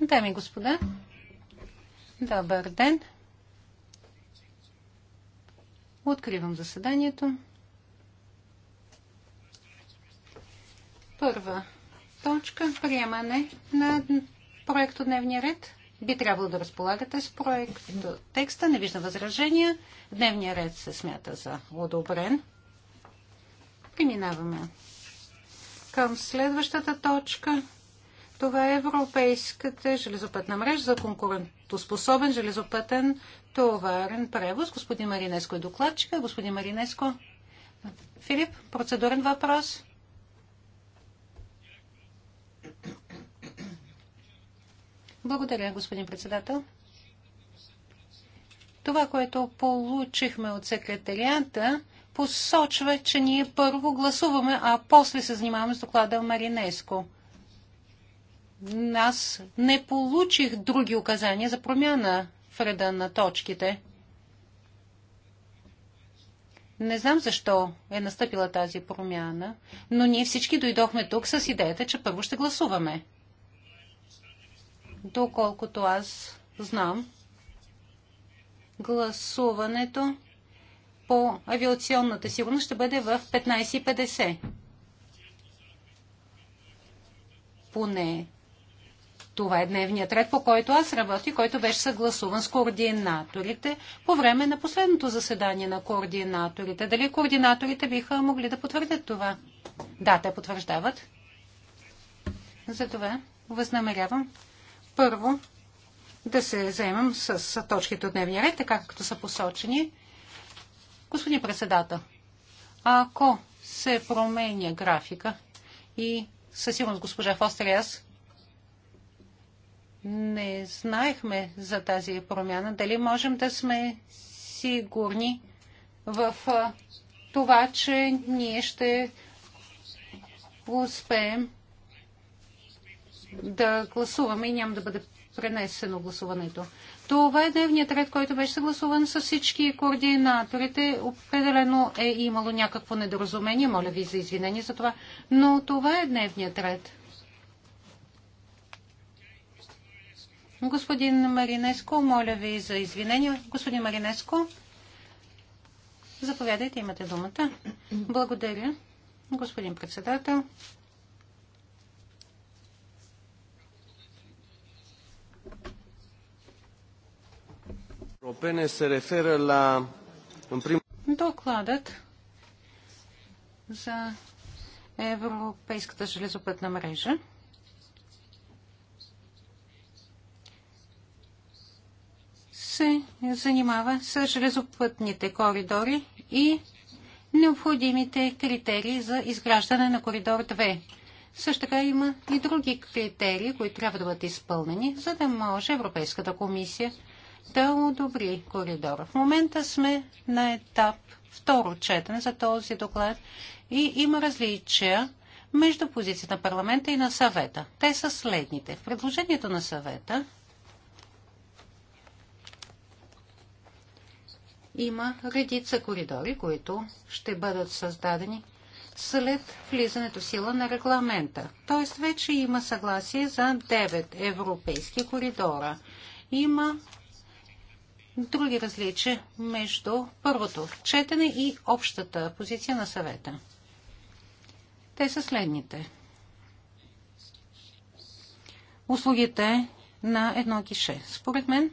Дами и господа, добър ден. Откривам заседанието. Първа точка – приемане на проекто дневния ред. Би трябвало да разполагате с проект текста. Не вижда възражения. Дневния ред се смята за одобрен. Преминаваме към следващата точка – това е Европейската железопътна мрежа за конкурентоспособен железопътен товарен превоз. Господин Маринеско е докладчика. Господин Маринеско. Филип, процедурен въпрос. Благодаря, господин председател. Това, което получихме от секретарията, посочва, че ние първо гласуваме, а после се занимаваме с доклада Маринеско аз не получих други указания за промяна в реда на точките. Не знам защо е настъпила тази промяна, но ние всички дойдохме тук с идеята, че първо ще гласуваме. Доколкото аз знам, гласуването по авиационната сигурност ще бъде в 15.50. Поне това е дневният ред, по който аз работя, който беше съгласуван с координаторите по време на последното заседание на координаторите. Дали координаторите биха могли да потвърдят това? Да, те потвърждават. Затова възнамерявам първо да се заемам с точките от дневния ред, така както са посочени. Господин председател, ако се променя графика и със сигурност госпожа Фостер и аз не знаехме за тази промяна. Дали можем да сме сигурни в това, че ние ще успеем да гласуваме и няма да бъде пренесено гласуването. Това е дневният ред, който беше съгласуван с всички координаторите. Определено е имало някакво недоразумение. Моля ви за извинение за това. Но това е дневният ред. Господин Маринеско, моля ви за извинение. Господин Маринеско, заповядайте, имате думата. Благодаря, господин председател. Докладът за Европейската железопътна мрежа се занимава с железопътните коридори и необходимите критерии за изграждане на коридор 2. Също така има и други критерии, които трябва да бъдат изпълнени, за да може Европейската комисия да одобри коридора. В момента сме на етап второ четене за този доклад и има различия между позицията на парламента и на съвета. Те са следните. В предложението на съвета има редица коридори, които ще бъдат създадени след влизането сила на регламента. Тоест вече има съгласие за 9 европейски коридора. Има други различия между първото четене и общата позиция на съвета. Те са следните. Услугите на едно гише. Според мен,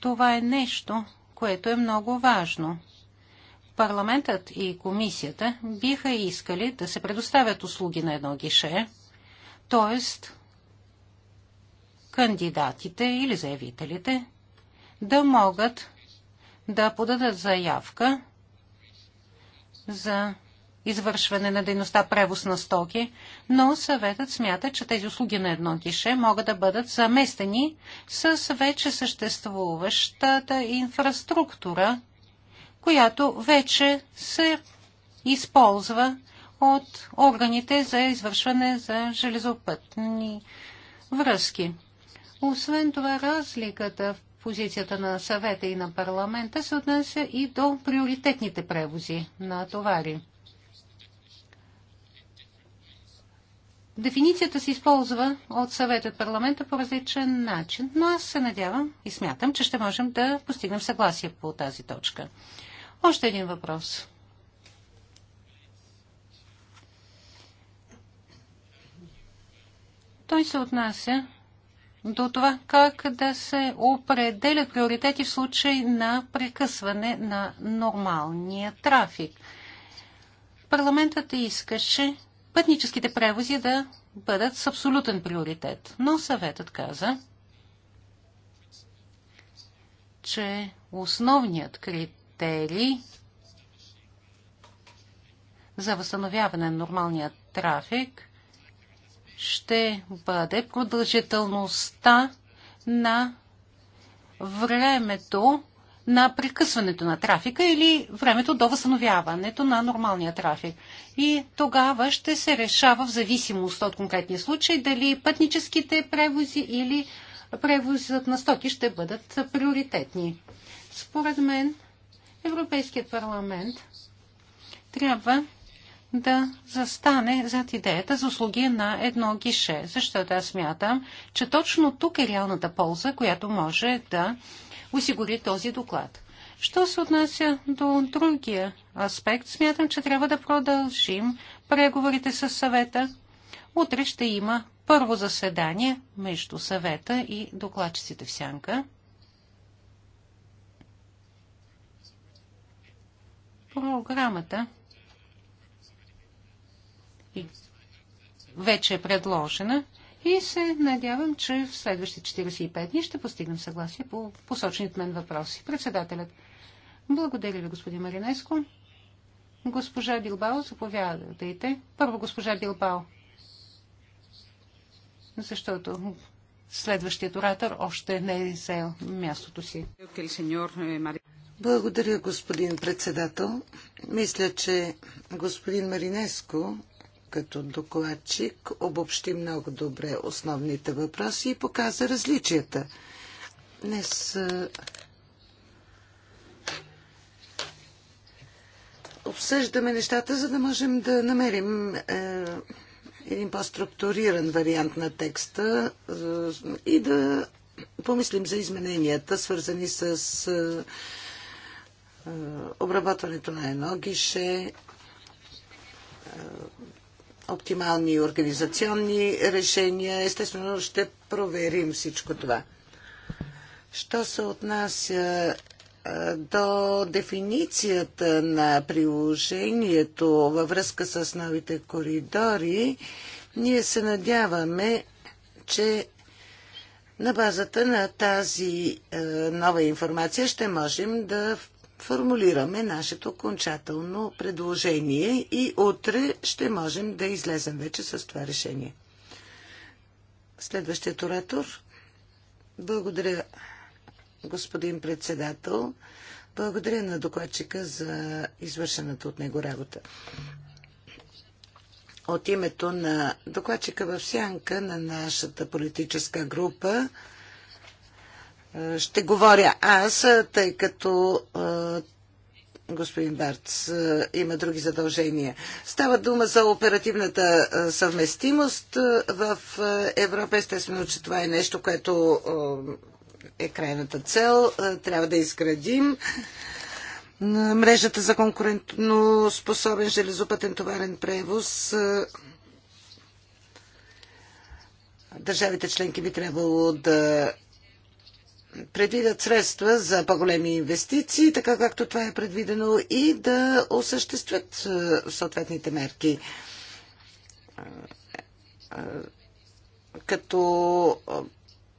това е нещо, което е много важно. Парламентът и комисията биха искали да се предоставят услуги на едно гише, т.е. кандидатите или заявителите да могат да подадат заявка за извършване на дейността превоз на стоки, но съветът смята, че тези услуги на едно кише могат да бъдат заместени с вече съществуващата инфраструктура, която вече се използва от органите за извършване за железопътни връзки. Освен това, разликата в позицията на съвета и на парламента се отнася и до приоритетните превози на товари. Дефиницията се използва от съвета от парламента по различен начин, но аз се надявам и смятам, че ще можем да постигнем съгласие по тази точка. Още един въпрос. Той се отнася до това как да се определят приоритети в случай на прекъсване на нормалния трафик. Парламентът искаше пътническите превози да бъдат с абсолютен приоритет. Но съветът каза, че основният критерий за възстановяване на нормалния трафик ще бъде продължителността на времето, на прекъсването на трафика или времето до възстановяването на нормалния трафик. И тогава ще се решава в зависимост от конкретния случай дали пътническите превози или превозът на стоки ще бъдат приоритетни. Според мен Европейският парламент трябва да застане зад идеята за услуги на едно гише, защото аз смятам, че точно тук е реалната полза, която може да осигури този доклад. Що се отнася до другия аспект, смятам, че трябва да продължим преговорите с съвета. Утре ще има първо заседание между съвета и докладчиците в сянка. Програмата вече е предложена и се надявам, че в следващите 45 дни ще постигнем съгласие по посочените мен въпроси. Председателят. Благодаря ви, господин Маринеско. Госпожа Билбао, заповядайте. Първо госпожа Билбао, защото следващият оратор още не е взел мястото си. Благодаря, господин председател. Мисля, че господин Маринеско като докладчик обобщи много добре основните въпроси и показа различията. Днес обсъждаме нещата, за да можем да намерим е, един по-структуриран вариант на текста е, и да помислим за измененията, свързани с е, е обработването на едно гише, е, оптимални организационни решения. Естествено, ще проверим всичко това. Що се отнася до дефиницията на приложението във връзка с новите коридори, ние се надяваме, че на базата на тази нова информация ще можем да формулираме нашето окончателно предложение и утре ще можем да излезем вече с това решение. Следващият оратор. Благодаря, господин председател. Благодаря на докладчика за извършената от него работа. От името на докладчика в сянка на нашата политическа група ще говоря аз, тъй като господин Барц има други задължения. Става дума за оперативната съвместимост в Европа. Естествено, че това е нещо, което е крайната цел. Трябва да изградим мрежата за конкурентно способен железопътен товарен превоз. Държавите членки би трябвало да предвидят средства за по-големи инвестиции, така както това е предвидено, и да осъществят е, съответните мерки. Е, е, като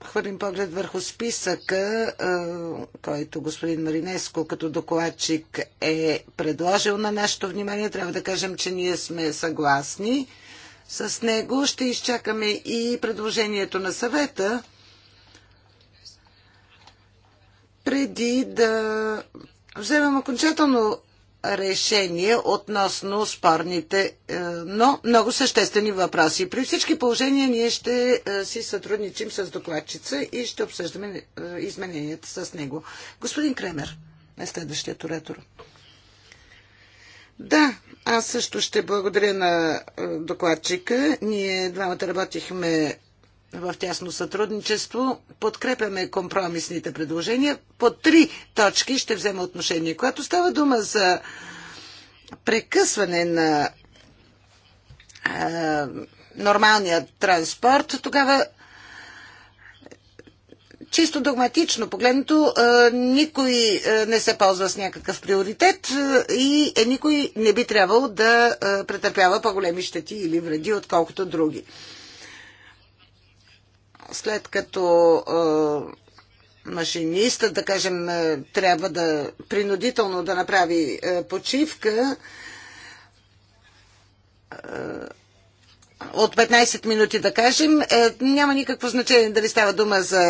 хвърлим поглед върху списъка, който господин Маринеско като докладчик е предложил на нашето внимание, трябва да кажем, че ние сме съгласни с него. Ще изчакаме и предложението на съвета преди да вземем окончателно решение относно спорните, е, но много съществени въпроси. При всички положения ние ще е, си сътрудничим с докладчица и ще обсъждаме е, измененията с него. Господин Кремер е следващият оратор. Да, аз също ще благодаря на докладчика. Ние двамата работихме в тясно сътрудничество. Подкрепяме компромисните предложения. По три точки ще взема отношение. Когато става дума за прекъсване на е, нормалния транспорт, тогава чисто догматично погледнато, никой не се ползва с някакъв приоритет и е, никой не би трябвало да претърпява по-големи щети или вреди, отколкото други след като машиниста, да кажем, трябва да принудително да направи почивка, от 15 минути, да кажем, е, няма никакво значение дали става дума за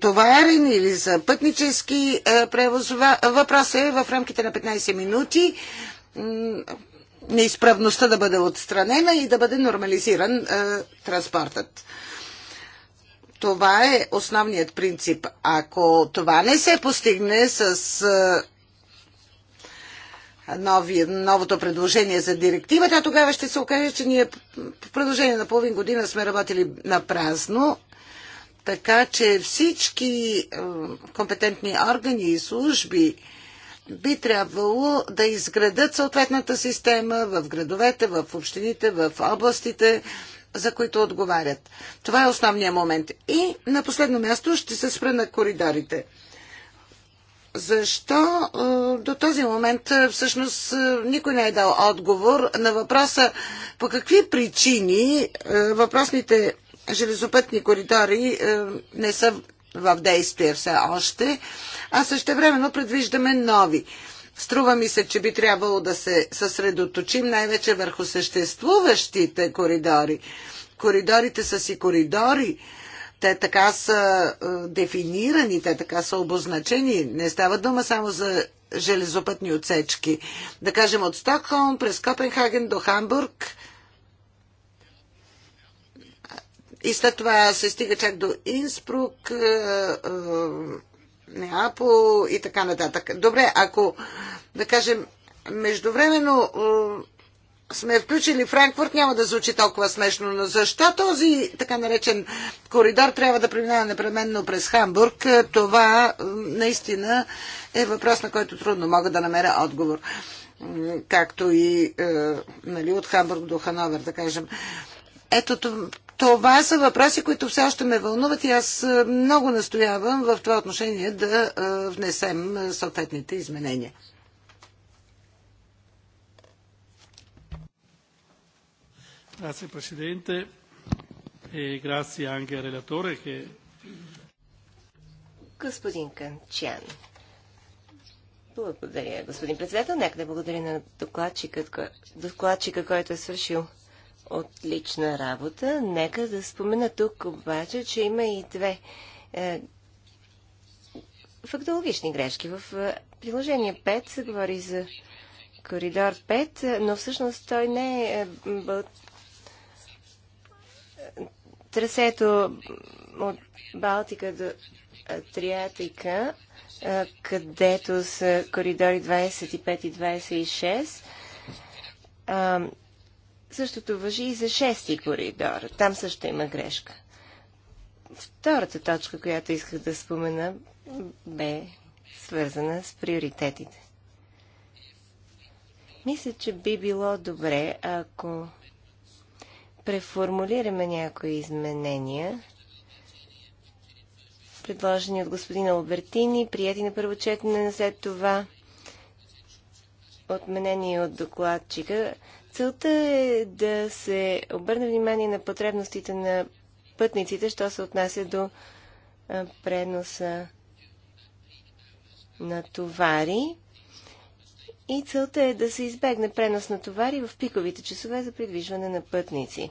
товарен или за пътнически превоз. Въпросът е в рамките на 15 минути неизправността да бъде отстранена и да бъде нормализиран транспортът. Това е основният принцип. Ако това не се постигне с нови, новото предложение за директивата, тогава ще се окаже, че ние в продължение на половин година сме работили на празно, така че всички компетентни органи и служби би трябвало да изградат съответната система в градовете, в общините, в областите, за които отговарят. Това е основният момент. И на последно място ще се спра на коридорите. Защо е, до този момент е, всъщност е, никой не е дал отговор на въпроса по какви причини въпросните железопътни коридори не са в действие все още, а също времено предвиждаме нови. Струва ми се, че би трябвало да се съсредоточим най-вече върху съществуващите коридори. Коридорите са си коридори. Те така са е, дефинирани, те така са обозначени. Не става дума само за железопътни отсечки. Да кажем от Стокхолм през Копенхаген до Хамбург и след това се стига чак до Инспрук, е, е, Неапол и така нататък. Добре, ако, да кажем, междувременно е, сме включили Франкфурт, няма да звучи толкова смешно, но защо този така наречен коридор трябва да преминава непременно през Хамбург? Е, това е, наистина е въпрос, на който трудно мога да намеря отговор. Както и е, нали, от Хамбург до Хановер, да кажем. Ето това са въпроси, които все още ме вълнуват и аз е, много настоявам в това отношение да е, внесем е, съответните изменения. Grazie Presidente e grazie anche al relatore che... Господин Канчан. Благодаря, господин председател. Нека да благодаря на докладчика, докладчика който е свършил отлична работа. Нека да спомена тук обаче, че има и две е, фактологични грешки. В е, приложение 5 се говори за коридор 5, но всъщност той не е, е бъл... трасето от Балтика до Триатика, е, където са коридори 25 и 26 Същото въжи и за шести коридор. Там също има грешка. Втората точка, която исках да спомена, бе свързана с приоритетите. Мисля, че би било добре, ако преформулираме някои изменения, предложени от господин Албертини, прияти на първо четене, след това отменени от докладчика, Целта е да се обърне внимание на потребностите на пътниците, що се отнася до преноса на товари. И целта е да се избегне пренос на товари в пиковите часове за придвижване на пътници.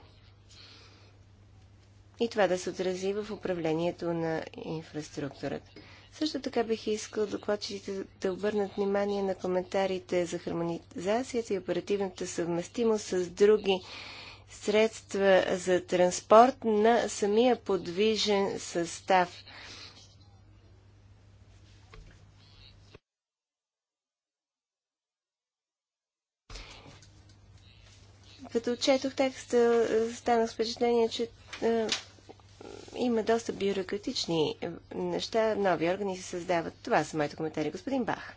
И това да се отрази в управлението на инфраструктурата. Също така бих искал докладчиците да обърнат внимание на коментарите за хармонизацията и оперативната съвместимост с други средства за транспорт на самия подвижен състав. Като четох текста, станах с впечатление, че е, има доста бюрократични е, неща, нови органи се създават. Това са моите коментари. Господин Бах.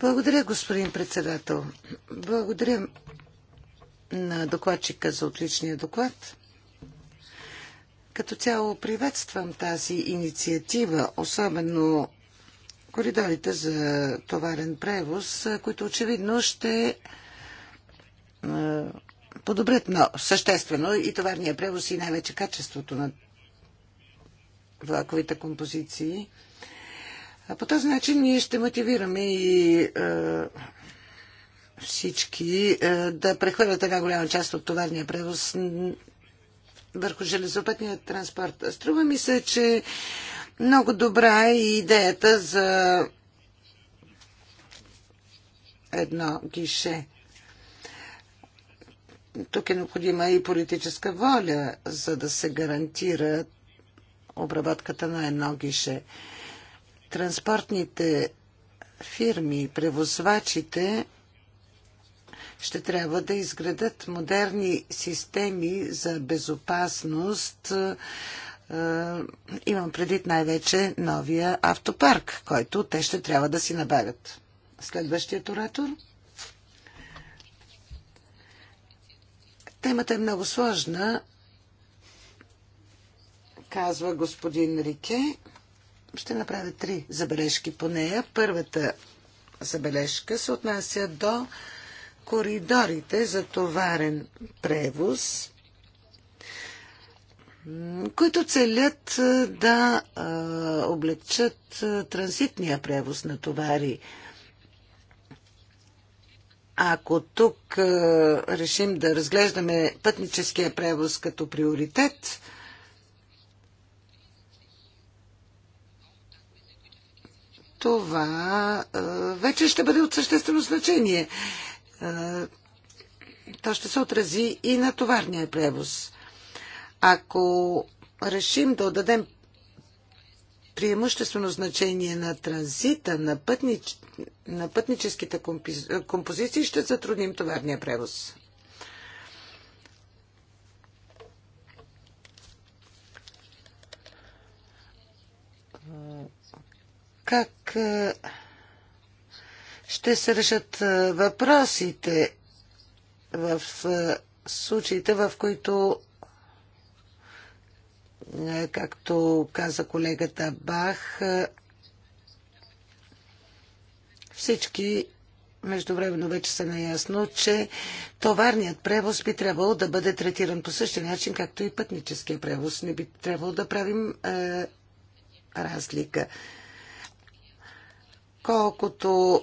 Благодаря, господин председател. Благодаря на докладчика за отличния доклад. Като цяло приветствам тази инициатива, особено коридорите за товарен превоз, които очевидно ще подобрят но съществено и товарния превоз и най-вече качеството на влаковите композиции. А по този начин ние ще мотивираме и е, всички е, да прехвърлят една голяма част от товарния превоз върху железопътния транспорт. Струва ми се, че много добра е и идеята за едно гише – тук е необходима и политическа воля, за да се гарантира обработката на едно гише. Транспортните фирми, превозвачите ще трябва да изградат модерни системи за безопасност. Е, имам предвид най-вече новия автопарк, който те ще трябва да си набавят. Следващият оратор. Темата е много сложна, казва господин Рике. Ще направя три забележки по нея. Първата забележка се отнася до коридорите за товарен превоз, които целят да облегчат транзитния превоз на товари – ако тук решим да разглеждаме пътническия превоз като приоритет, това вече ще бъде от съществено значение. то ще се отрази и на товарния превоз. Ако решим да отдадем преимуществено значение на транзита на, пътнич... на пътническите компози... композиции ще затрудним товарния превоз. Как е, ще се решат е, въпросите в е, случаите, в които е, както каза колегата Бах, е, всички междувременно вече са наясно, че товарният превоз би трябвало да бъде третиран по същия начин, както и пътническия превоз. Не би трябвало да правим е, разлика. Колкото е,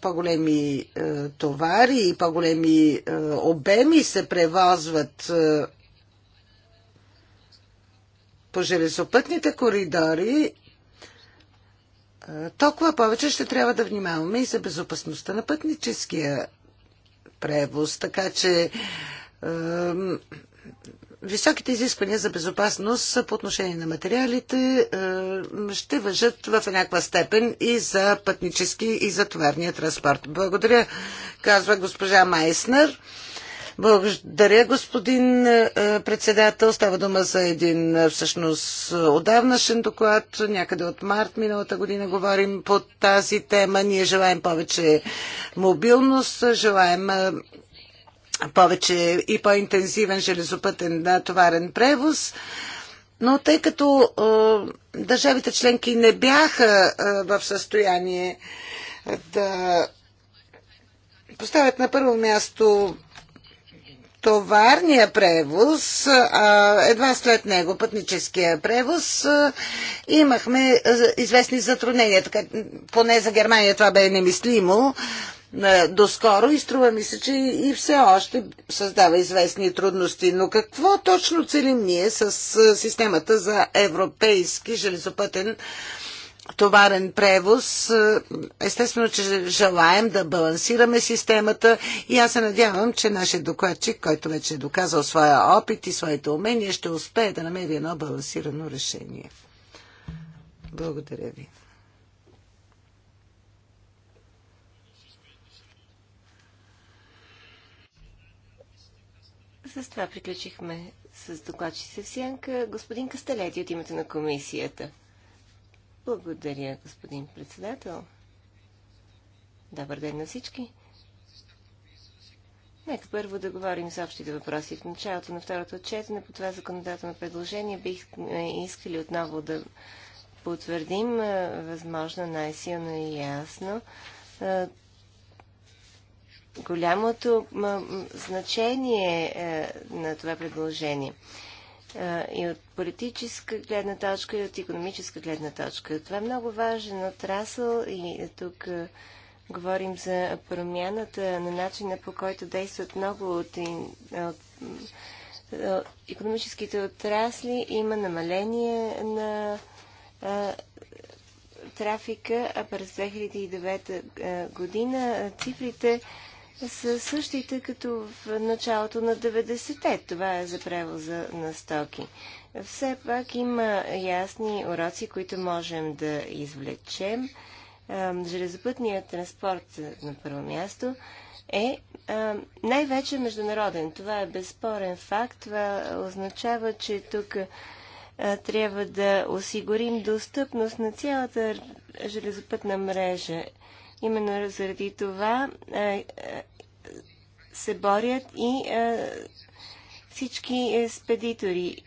по-големи е, товари и по-големи е, обеми се превозват е, по железопътните коридори, е, толкова повече ще трябва да внимаваме и за безопасността на пътническия превоз. Така че високите изисквания за безопасност по отношение на материалите ще въжат в някаква степен и за пътнически и за товарния транспорт. Благодаря, казва госпожа Майснер. Благодаря, господин е, е, председател. Става дума за един е, всъщност отдавнашен доклад. Някъде от март миналата година говорим по тази тема. Ние желаем повече мобилност, желаем повече и по-интензивен железопътен натоварен превоз. Но тъй като е, държавите членки не бяха е, в състояние да поставят на първо място товарния превоз, а едва след него пътническия превоз, имахме известни затруднения. Така, поне за Германия това бе немислимо доскоро и струва ми се, че и все още създава известни трудности. Но какво точно целим ние с системата за европейски железопътен превоз? товарен превоз. Естествено, че желаем да балансираме системата и аз се надявам, че нашия докладчик, който вече е доказал своя опит и своите умения, ще успее да намери едно балансирано решение. Благодаря ви. С това приключихме с докладчица в сянка. Господин Кастелети от името на комисията. Благодаря, господин председател. Добър ден на всички. Нека първо да говорим за общите въпроси. В началото на второто отчетене по това законодателно предложение бих искали отново да потвърдим възможно най-силно и ясно голямото значение е, на това предложение и от политическа гледна точка, и от економическа гледна точка. Това е много важен отрасъл и тук говорим за промяната на начина по който действат много от, от економическите отрасли. Има намаление на а, трафика, а през 2009 година цифрите са същите като в началото на 90-те. Това е за превоза на стоки. Все пак има ясни уроци, които можем да извлечем. Железопътният транспорт е, на първо място е най-вече международен. Това е безспорен факт. Това означава, че тук е, трябва да осигурим достъпност на цялата железопътна мрежа Именно заради това е, е, се борят и е, всички спедитори.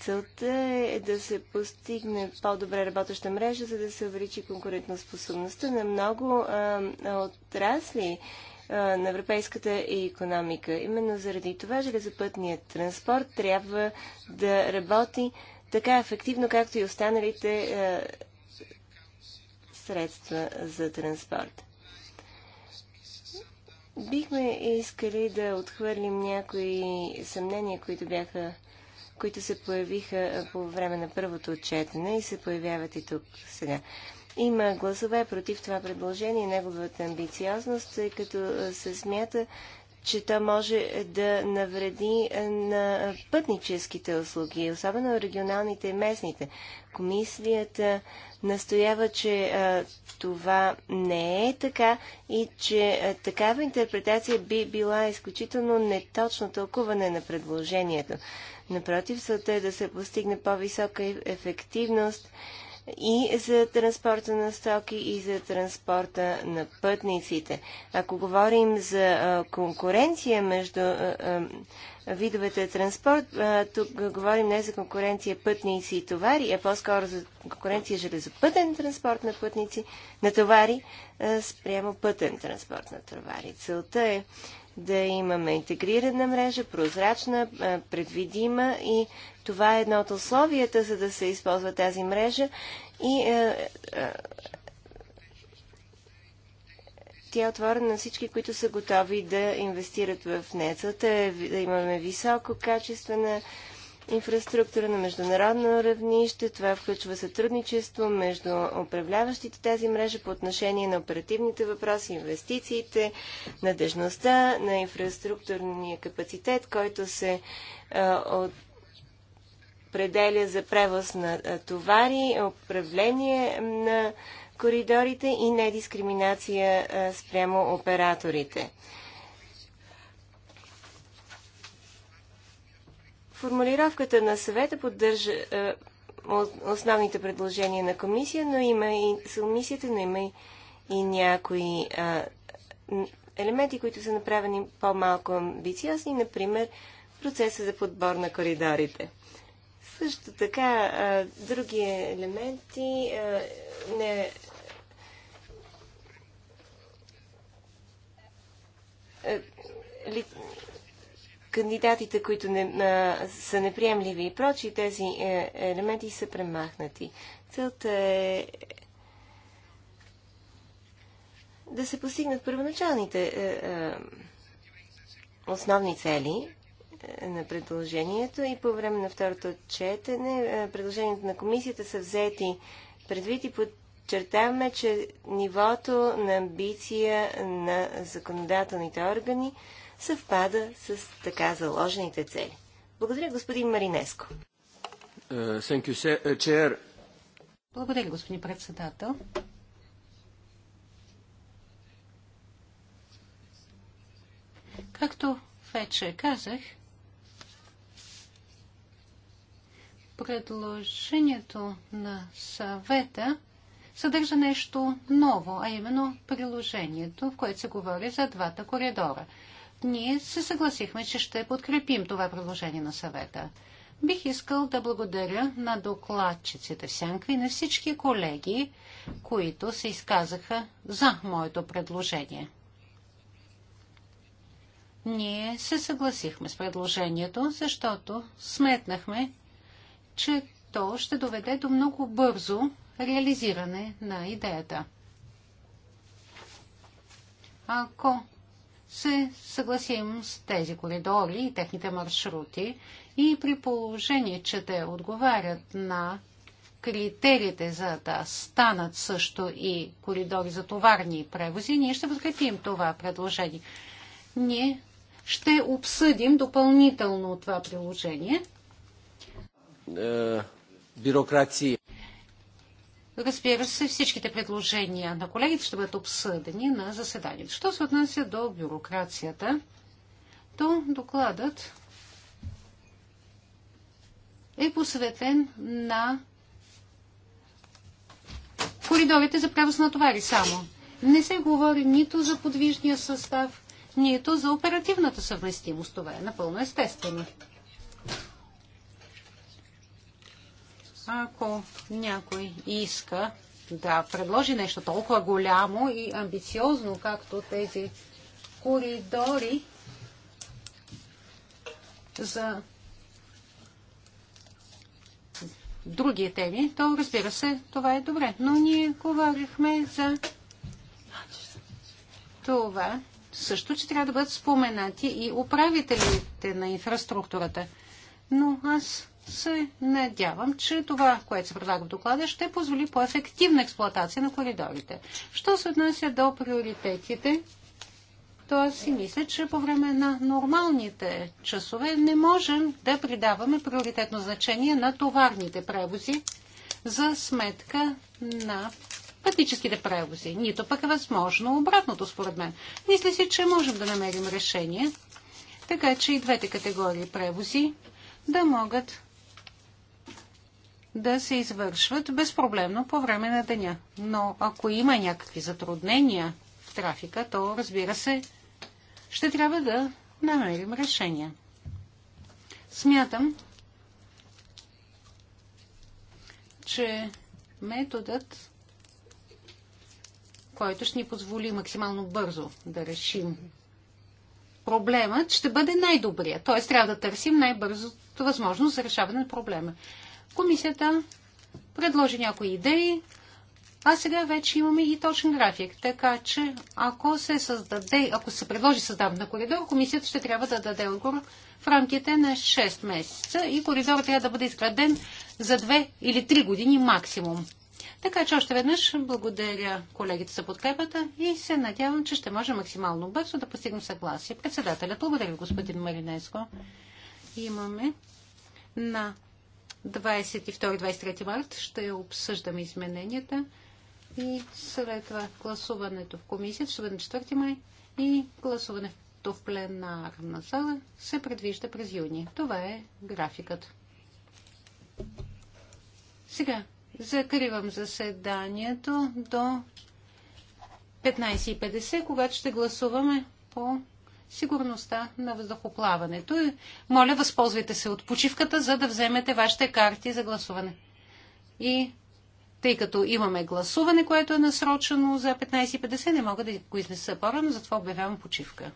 Целта е да се постигне по-добре работеща мрежа, за да се увеличи конкурентоспособността на много отрасли на европейската економика. Именно заради това железопътният транспорт трябва да работи така ефективно, както и останалите средства за транспорт. Бихме искали да отхвърлим някои съмнения, които бяха които се появиха по време на първото отчетене и се появяват и тук сега. Има гласове против това предложение и неговата амбициозност, тъй като се смята, че то може да навреди е, на пътническите услуги, особено регионалните и местните. Комисията настоява, че а, е, това не е така и че а, е, такава интерпретация би била изключително неточно тълкуване на предложението. Напротив, целта е да се постигне по-висока ефективност и за транспорта на стоки и за транспорта на пътниците. Ако говорим за конкуренция между видовете транспорт, тук говорим не за конкуренция пътници и товари, а по-скоро за конкуренция железопътен транспорт на пътници, на товари спрямо пътен транспорт на товари. Целта е да имаме интегрирана мрежа, прозрачна, предвидима и това е едно от условията, за да се използва тази мрежа и тя е отворена на всички, които са готови да инвестират в нея. Целта е да имаме високо качество на инфраструктура на международно равнище. Това включва сътрудничество между управляващите тази мрежа по отношение на оперативните въпроси, инвестициите, надежността на инфраструктурния капацитет, който се а, от определя за превоз на товари, управление на коридорите и недискриминация спрямо операторите. Формулировката на съвета поддържа е, основните предложения на комисия, но има и комисията, но има и, и някои елементи, които са направени по-малко амбициозни, например процеса за подбор на коридорите. Също така, други елементи не е, ли, кандидатите, които не, а, са неприемливи и прочи, тези е, елементи са премахнати. Целта е да се постигнат първоначалните е, е, основни цели е, на предложението и по време на второто четене е, предложението на комисията са взети предвид и подчертаваме, че нивото на амбиция на законодателните органи съвпада с така заложените цели. Благодаря, господин Маринеско. Е, you, е, Благодаря, господин председател. Както вече казах, предложението на съвета съдържа нещо ново, а именно приложението, в което се говори за двата коридора ние се съгласихме, че ще подкрепим това предложение на съвета. Бих искал да благодаря на докладчиците в Сянка и на всички колеги, които се изказаха за моето предложение. Ние се съгласихме с предложението, защото сметнахме, че то ще доведе до много бързо реализиране на идеята. Ако се съгласим с тези коридори и техните маршрути и при положение, че те отговарят на критериите за да станат също и коридори за товарни превози, ние ще подкрепим това предложение. Ние ще обсъдим допълнително това приложение. Е, бюрокрация. Разбира се, всичките предложения на колегите ще бъдат обсъдени на заседанието. Що се отнася до бюрокрацията, то докладът е посветен на коридорите за превоз на товари само. Не се говори нито за подвижния състав, нито за оперативната съвместимост. Това е напълно естествено. ако някой иска да предложи нещо толкова голямо и амбициозно, както тези коридори за други теми, то разбира се, това е добре. Но ние говорихме за това също, че трябва да бъдат споменати и управителите на инфраструктурата. Но аз се надявам, че това, което се предлага в доклада, ще позволи по-ефективна експлуатация на коридорите. Що се отнася до приоритетите, то аз си мисля, че по време на нормалните часове не можем да придаваме приоритетно значение на товарните превози за сметка на пътническите превози. Нито пък е възможно обратното, според мен. Мисля си, че можем да намерим решение, така че и двете категории превози да могат да се извършват безпроблемно по време на деня. Но ако има някакви затруднения в трафика, то разбира се, ще трябва да намерим решение. Смятам, че методът, който ще ни позволи максимално бързо да решим проблемът, ще бъде най-добрия. Т.е. трябва да търсим най-бързото възможност за решаване на проблема. Комисията предложи някои идеи, а сега вече имаме и точен график. Така че, ако се, създаде, ако се предложи създаване на коридор, комисията ще трябва да даде отговор в рамките на 6 месеца и коридор трябва да бъде изграден за 2 или 3 години максимум. Така че още веднъж благодаря колегите за подкрепата и се надявам, че ще може максимално бързо да постигнем съгласие. Председателят, благодаря господин Маринеско. Имаме на 22-23 март ще обсъждаме измененията и след това гласуването в комисията ще бъде на 4 май и гласуването в пленарна зала се предвижда през юни. Това е графикът. Сега закривам заседанието до 15.50, когато ще гласуваме по сигурността на въздухоплаването. И моля, възползвайте се от почивката, за да вземете вашите карти за гласуване. И тъй като имаме гласуване, което е насрочено за 15.50, не мога да го изнеса по-рано, затова обявявам почивка.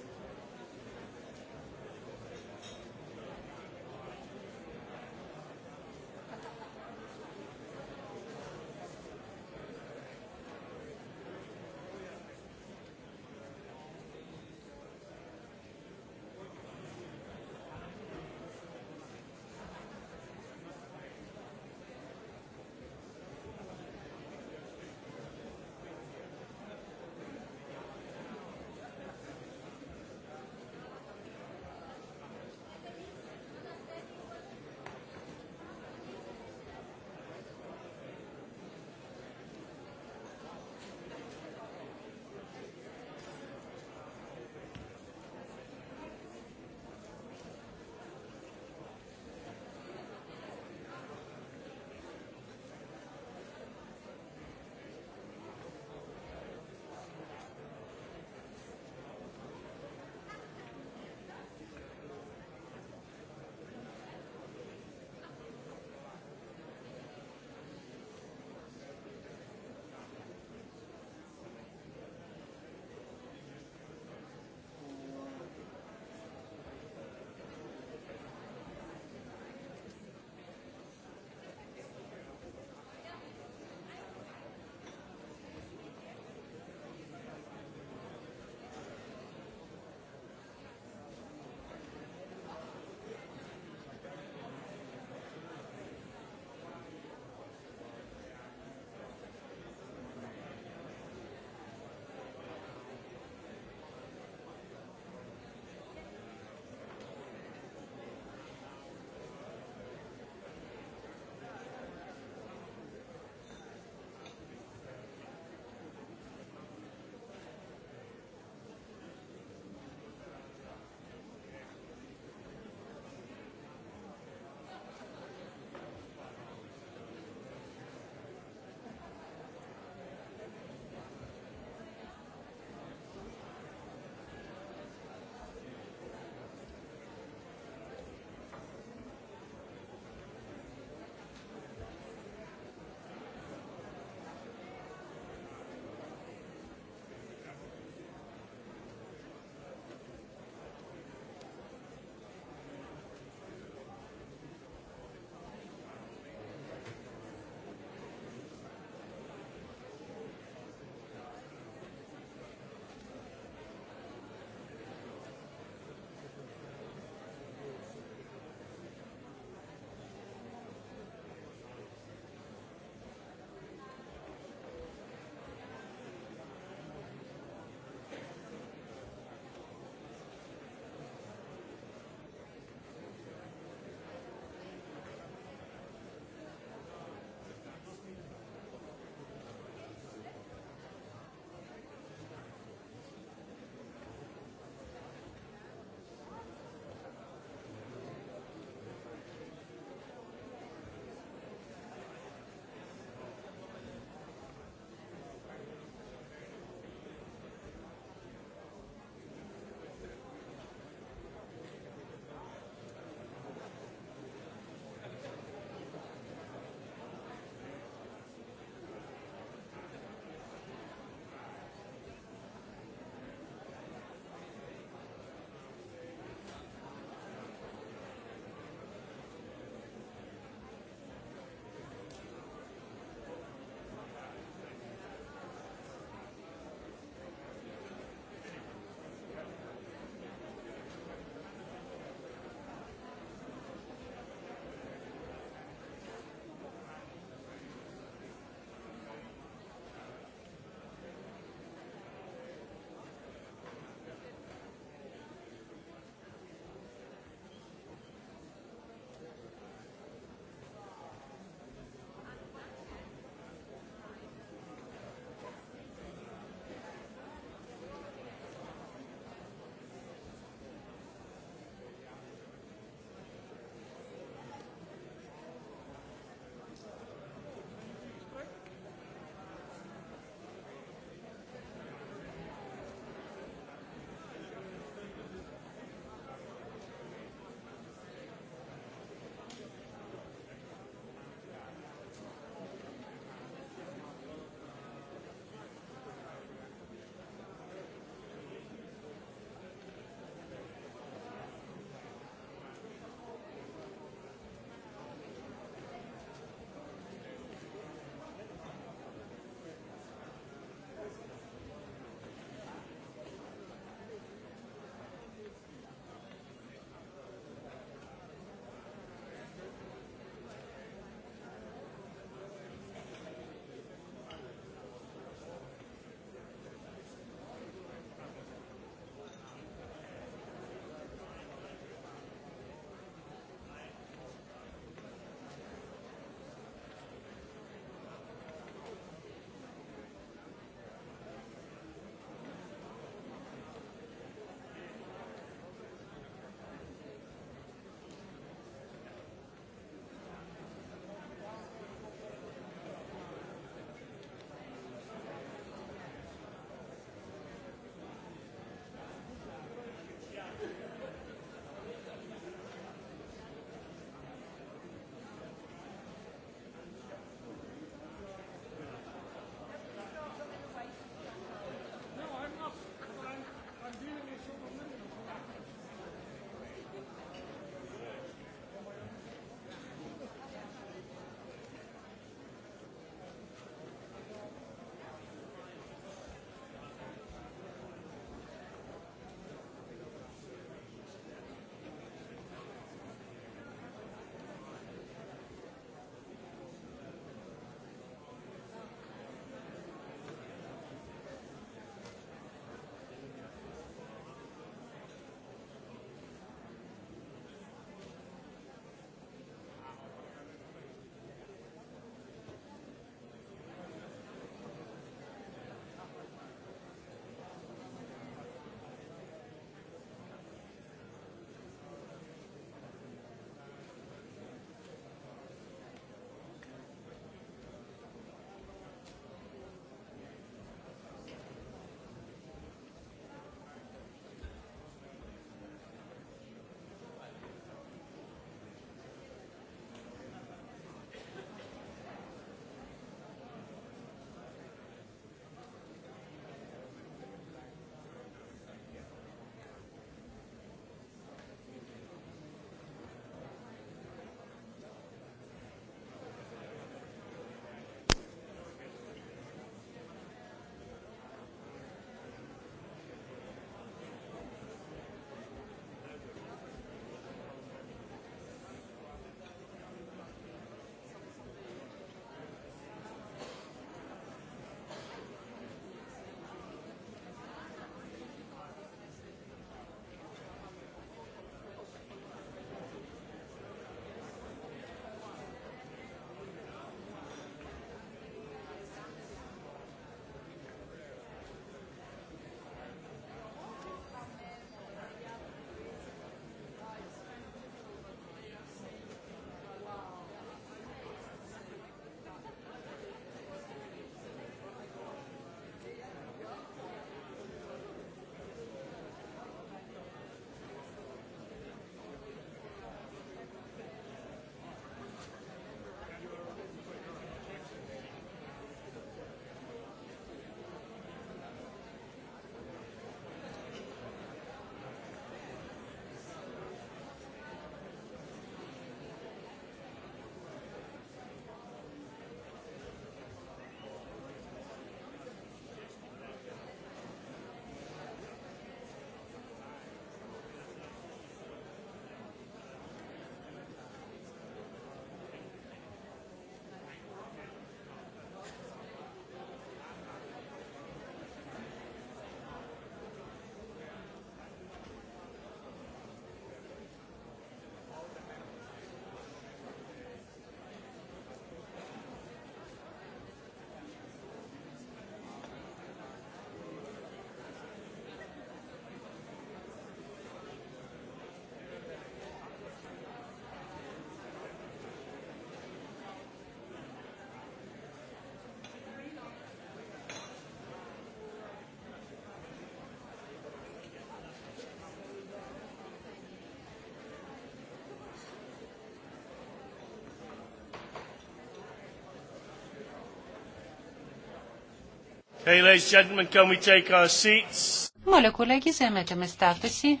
Hey, ladies and gentlemen, can we take our seats? Моля, колеги, заемете местата си.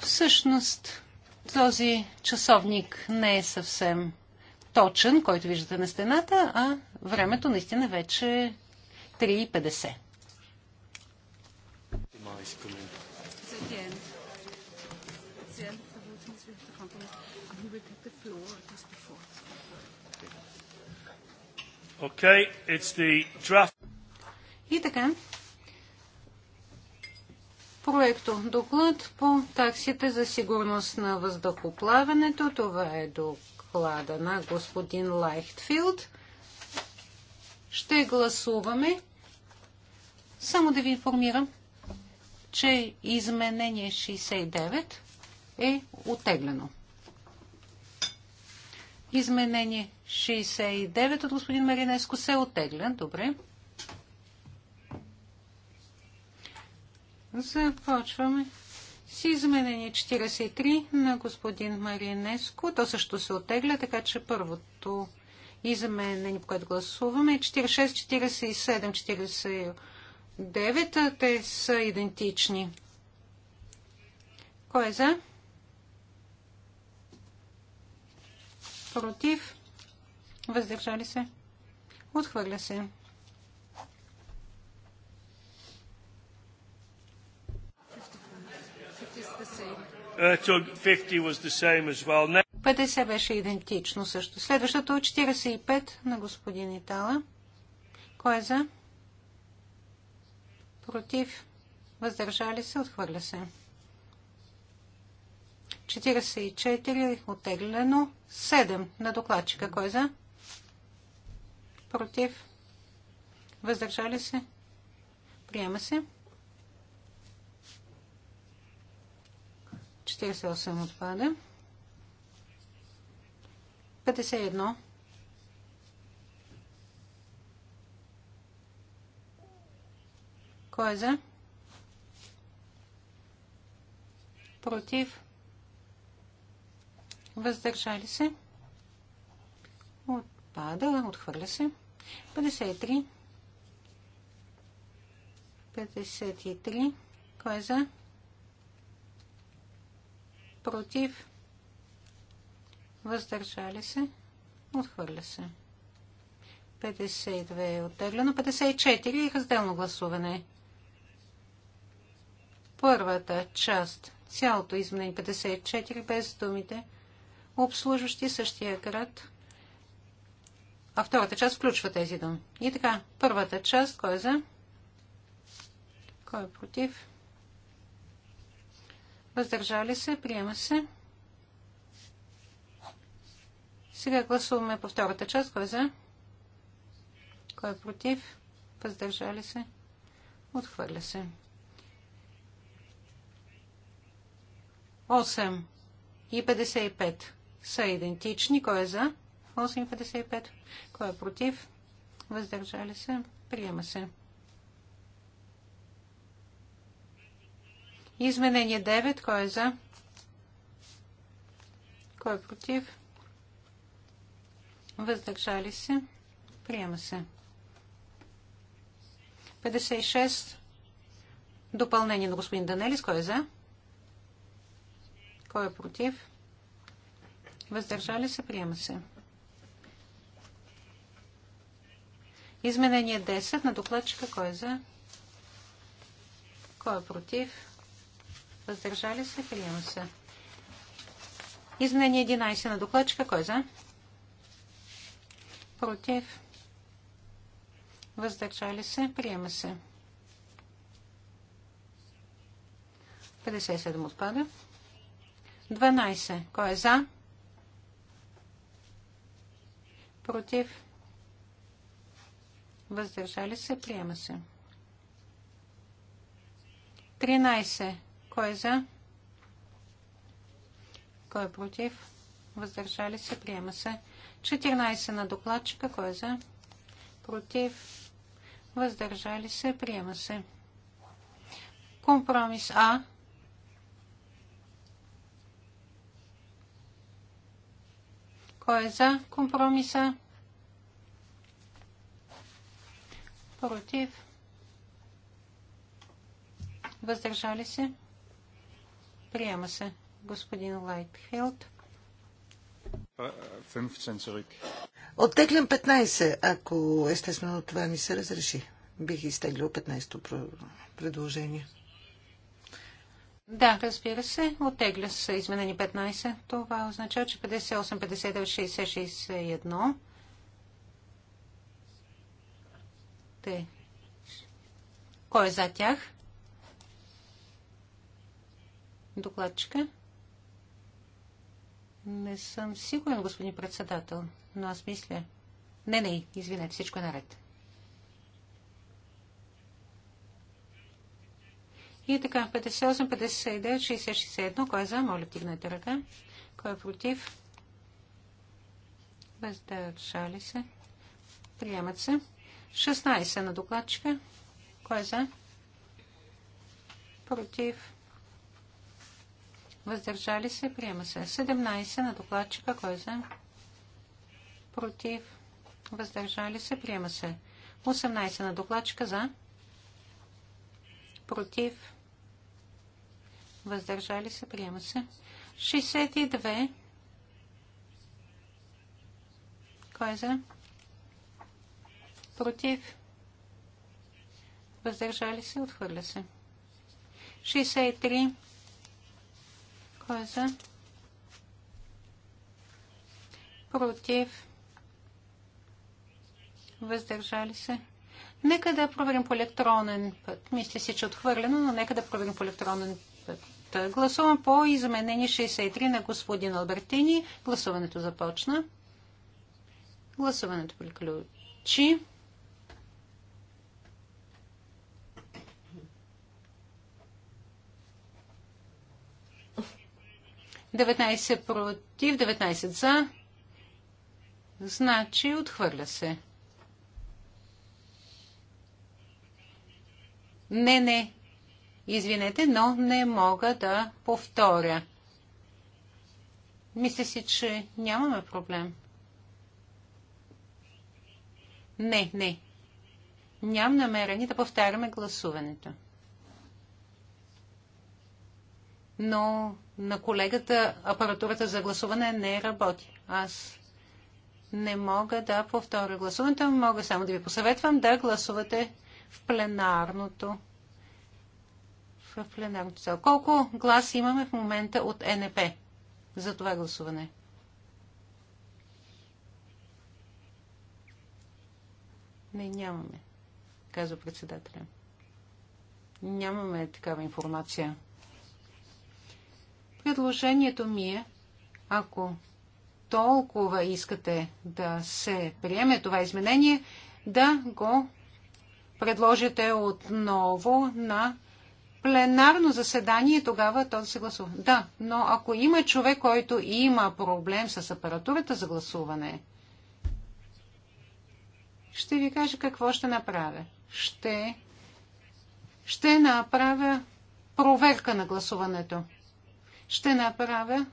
Всъщност, този часовник не е съвсем точен, който виждате на стената, а времето наистина вече е 3.50. Okay, it's the draft. И така. Проекто доклад по таксите за сигурност на въздухоплаването. Това е доклада на господин Лайхтфилд. Ще гласуваме. Само да ви информирам, че изменение 69 е отеглено. Изменение 69 от господин Маринеско се отегля. Добре. Започваме с изменение 43 на господин Маринеско. То също се отегля, така че първото изменение, по което гласуваме, е 46, 47, 49. Те са идентични. Кой е за? против, въздържали се, отхвърля се. Uh, 50 беше идентично също. Следващото 45 е на господин Итала. Кой е за? Против. Въздържали се. Отхвърля се. 44 оттеглено. 7 на докладчика. Кой е за? Против? Въздържали се? Приема се. 48 отпада. 51. Кой е за? Против? въздържали се, отпада, отхвърля се. 53. 53. Кой е за? Против. Въздържали се. Отхвърля се. 52 е оттеглено. 54 и е разделно гласуване. Първата част. Цялото изменение 54 без думите обслужващи същия град. А втората част включва тези думи. И така, първата част, кой е за? Кой е против? Въздържали се, приема се. Сега гласуваме по втората част. Кой е за? Кой е против? Въздържали се? Отхвърля се. 8 и 55 са идентични. Кой е за? 8,55. Кой е против? Въздържали се. Приема се. Изменение 9. Кой е за? Кой е против? Въздържали се. Приема се. 56. Допълнение на господин Данелис. Кой е за? Кой е против? Въздържали се. Приема се. Изменение 10 на докладчика. Кой е за? Кой е против? Въздържали се? Приема се. Изменение 11 на докладчика. Кой е за? Против? Въздържали се? Приема се. 57 отпада. 12. Кой е за? против, въздържали се, приема се. 13. Кой е за? Кой е против? Въздържали се, приема се. 14 на докладчика. Кой е за? Против. Въздържали се, приема се. Компромис А. Кой е за компромиса? Против? Въздържали се? Приема се. Господин Лайтфилд. Оттеглям 15, ако естествено това ми се разреши. Бих изтеглил 15-то предложение. Да, разбира се. Оттегля са изменени 15. Това означава, че 58, 59, 60, 61. Те. Кой е за тях? Докладчика. Не съм сигурен, господин председател, но аз мисля. Не, не, извинете, всичко е наред. И така, 58, 59, 60, 61. Кой е за? Моля, вдигнете ръка. Кой е против? Въздържали се. Приемат се. 16 на докладчика. Кой е за? Против. Въздържали се. Приема се. 17 на докладчика. Кой е за? Против. Въздържали се. Приема се. 18 на докладчика за. Против въздържали се, приема се. 62. Кой е за? Против. Въздържали се, отхвърля се. 63. Кой е за? Против. Въздържали се. Нека да проверим по електронен път. Мисля си, че е отхвърлено, но нека да проверим по електронен път текста. Гласувам по изменение 63 на господин Албертини. Гласуването започна. Гласуването приключи. Деветнайсет против, 19 за. Значи отхвърля се. Не, не, Извинете, но не мога да повторя. Мисля си, че нямаме проблем. Не, не. Нямам намерение да повтаряме гласуването. Но на колегата апаратурата за гласуване не работи. Аз не мога да повторя гласуването, мога само да ви посъветвам да гласувате в пленарното в пленарното цяло. Колко глас имаме в момента от НП за това гласуване? Не, нямаме, казва председателя. Нямаме такава информация. Предложението ми е, ако толкова искате да се приеме това изменение, да го предложите отново на пленарно заседание тогава то да се гласува. Да, но ако има човек, който има проблем с апаратурата за гласуване, ще ви кажа какво ще направя. Ще, ще направя проверка на гласуването. Ще направя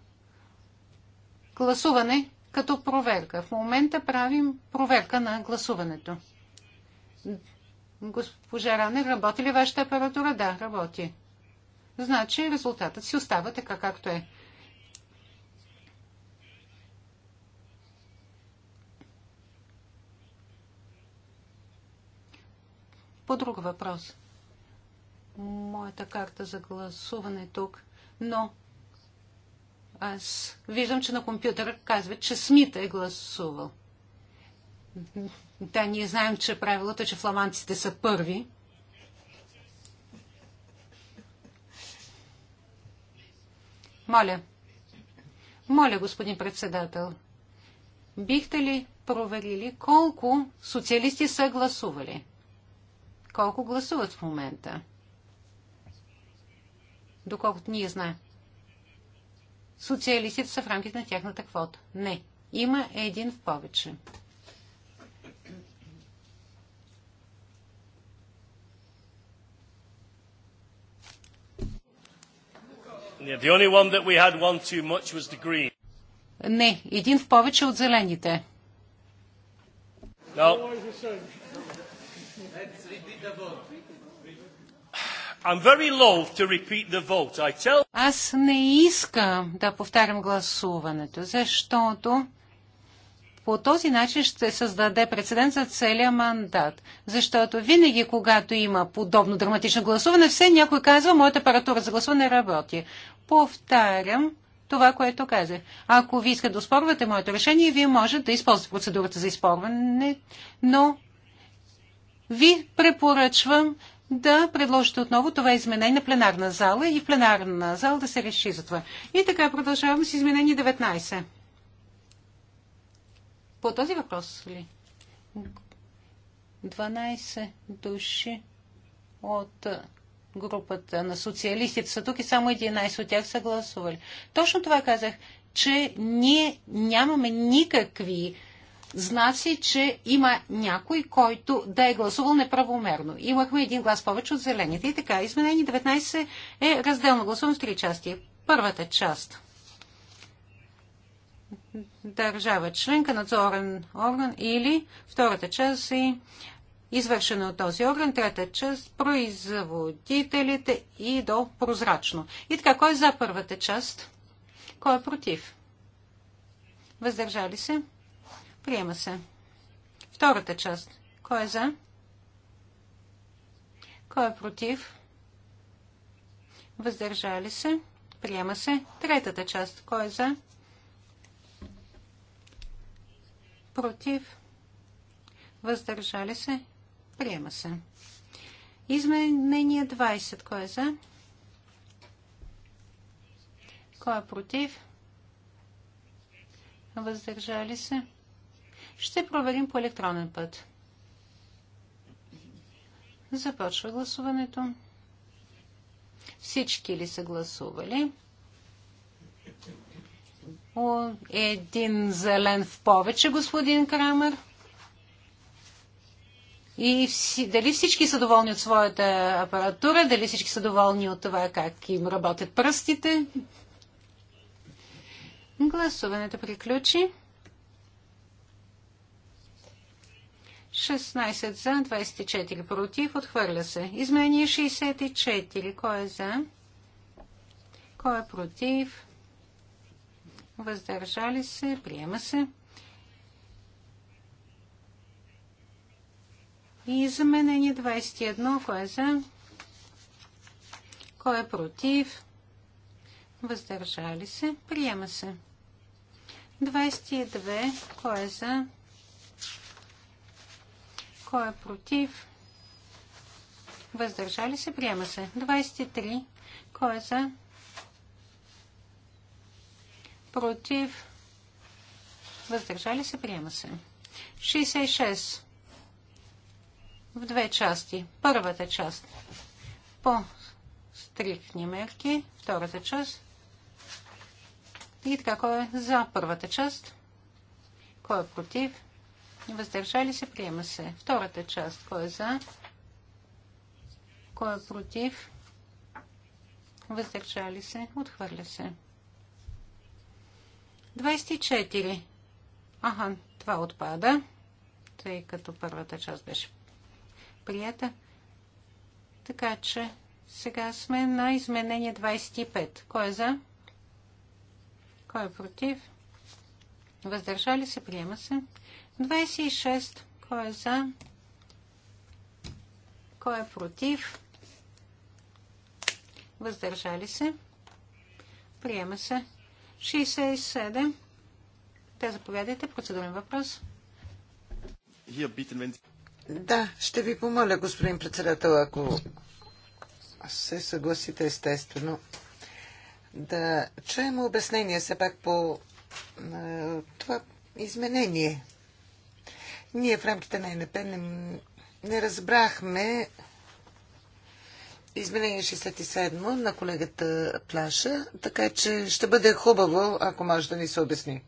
гласуване като проверка. В момента правим проверка на гласуването. Госпожа Ранер, работи ли вашата апаратура? Да, работи. Значи резултатът си остава така, както е. По друг въпрос. Моята карта за гласуване е тук, но аз виждам, че на компютъра казва, че Смит е гласувал. Да, ние знаем, че правилото е, че фламандците са първи. Моля. Моля, господин председател. Бихте ли проверили колко социалисти са гласували? Колко гласуват в момента? Доколкото ние знаем. Социалистите са в рамките на тяхната квота. Не. Има един в повече. The only one that we had one too much was the green. Не, един в повече от зелените. No. I'm very loath to repeat the vote. I tell... Аз не искам да повтарям гласуването, защото по този начин ще създаде прецедент за целия мандат. Защото винаги, когато има подобно драматично гласуване, все някой казва, моята апаратура за гласуване работи повтарям това, което казах. Ако ви искате да спорвате моето решение, вие можете да използвате процедурата за изпорване, но ви препоръчвам да предложите отново това изменение на пленарна зала и в пленарна зала да се реши за това. И така продължаваме с изменение 19. По този въпрос ли? 12 души от групата на социалистите са тук и само 11 от тях са гласували. Точно това казах, че ние нямаме никакви знаци, че има някой, който да е гласувал неправомерно. Имахме един глас повече от зелените. И така, изменение 19 е разделно гласуване в три части. Първата част държава членка, надзорен орган или втората част и е извършено от този орган, трета част производителите и до прозрачно. И така, кой е за първата част? Кой е против? Въздържали се? Приема се. Втората част. Кой е за? Кой е против? Въздържали се? Приема се. Третата част. Кой е за? Против? Въздържали се? Приема се. Изменение 20. Кой е за? Кой е против? Въздържали се? Ще проверим по електронен път. Започва гласуването. Всички ли са гласували? Един зелен в повече, господин Крамер и дали всички са доволни от своята апаратура, дали всички са доволни от това как им работят пръстите. Гласуването приключи. 16 за, 24 против, отхвърля се. Изменение 64. Кой е за? Кой е против? Въздържали се, приема се. И заменение 21. Кой е за? Кой е против? Въздържали се. Приема се. 22. Кой е за? Кой е против? Въздържали се. Приема се. 23. Кой е за? Против? Въздържали се. Приема се. 66 в две части. Първата част по стриктни мерки, втората част. И така, кой е за първата част? Кой е против? Въздържали се, приема се. Втората част, кой е за? Кой е против? Въздържали се, отхвърля се. 24. Ага, това отпада, тъй като първата част беше прията. Така че сега сме на изменение 25. Кой е за? Кой е против? Въздържали се, приема се. 26. Кой е за? Кой е против? Въздържали се. Приема се. 67. Те заповядайте. Процедурен въпрос. Hier bieten, wenn Sie да, ще ви помоля, господин председател, ако се съгласите естествено, да чуем обяснение все пак по е, това изменение. Ние в рамките на НП не, не разбрахме изменение 67 на колегата Плаша, така че ще бъде хубаво, ако може да ни се обясни.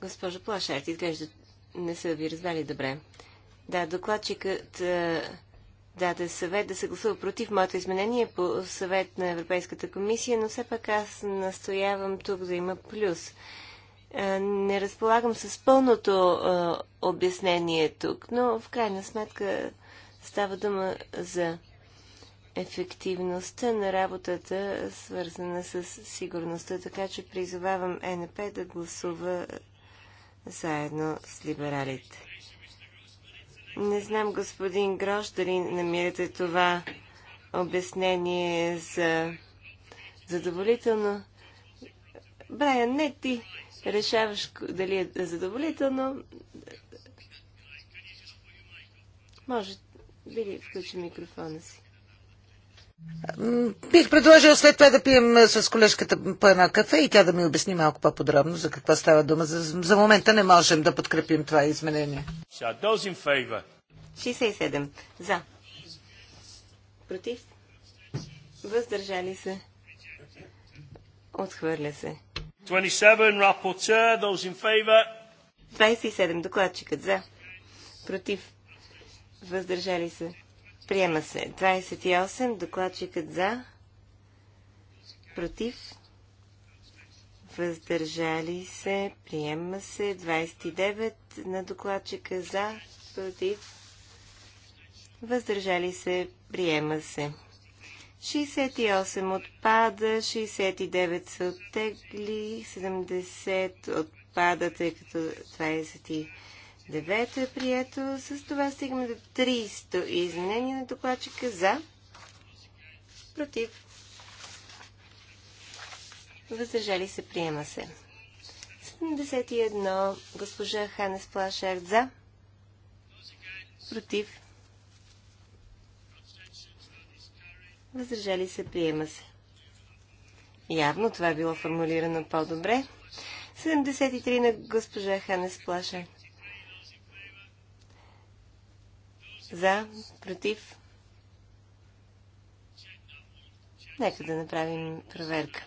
Госпожо ти изглежда не са ви разбрали добре. Да, докладчикът даде съвет да се гласува против моето изменение по съвет на Европейската комисия, но все пак аз настоявам тук да има плюс. Не разполагам с пълното а, обяснение тук, но в крайна сметка става дума за ефективността на работата, свързана с сигурността, така че призовавам НП да гласува заедно с либералите. Не знам, господин Грош, дали намирате това обяснение за задоволително. Брайан, не ти решаваш дали е задоволително. Може, били, включи микрофона си. Бих предложил след това да пием с колежката по една кафе и тя да ми обясни малко по-подробно за каква става дума. За, за момента не можем да подкрепим това изменение. 67. За. Против. Въздържали се. Отхвърля се. 27. Рапортер. Those in favor. 27. Докладчикът. За. Против. Въздържали се. Приема се. 28. Докладчикът за. Против. Въздържали се. Приема се. 29 на докладчика за. Против. Въздържали се. Приема се. 68 отпада, 69 се оттегли, 70 отпада, тъй като 20 Девето е прието. С това стигаме до 300 изменение на докладчика за, против, въздържали се, приема се. 71 госпожа Ханес Плашерт за, против, въздържали се, приема се. Явно това е било формулирано по-добре. 73 на госпожа Ханес Плашерт. За, против. Нека да направим проверка.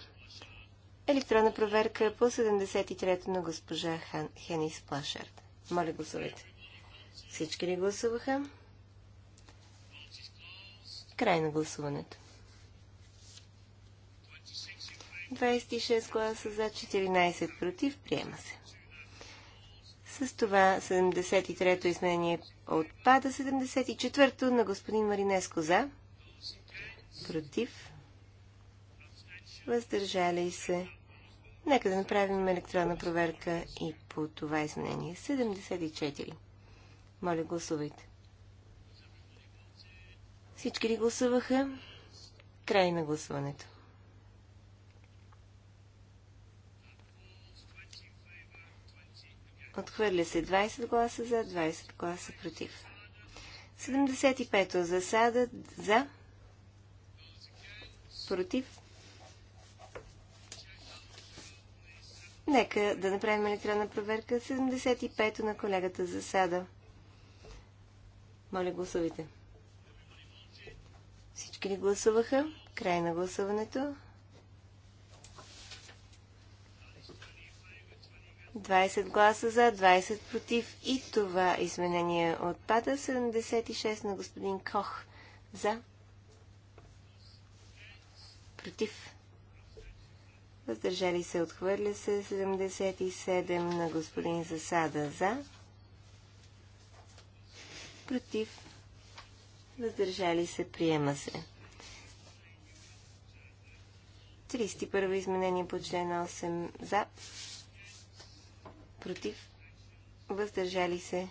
Електронна проверка по 73-то на госпожа Хан, Хенис Плашард. Моля гласувайте. Всички ли гласуваха? Край на гласуването. 26 гласа за, 14 против. Приема се. С това 73-то изменение Отпада 74-то на господин Маринеско за. Против. Въздържали се. Нека да направим електронна проверка и по това изменение. 74. Моля, гласувайте. Всички ли гласуваха? Край на гласуването. Отхвърля се 20 гласа за, 20 гласа против. 75-то засада за, против. Нека да направим електронна проверка. 75-то на колегата засада. Моля, гласувайте. Всички ли гласуваха? Край на гласуването. 20 гласа за, 20 против и това изменение отпада. 76 на господин Кох за, против. Въздържали се отхвърля се 77 на господин Засада за, против. Въздържали се приема се. 31 изменение по член 8 за, против, въздържали се,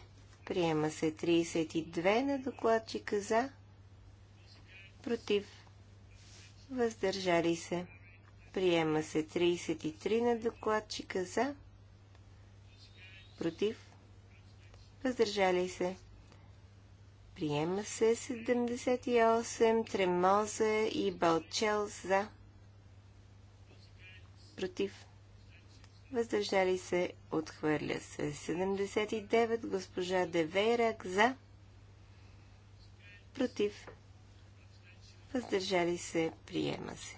приема се 32 на докладчика за, против, въздържали се, приема се 33 на докладчика за, против, въздържали се, приема се 78, тремоза и балчел за, против, въздържали се, отхвърля се. 79, госпожа Девейрак, за, против, въздържали се, приема се.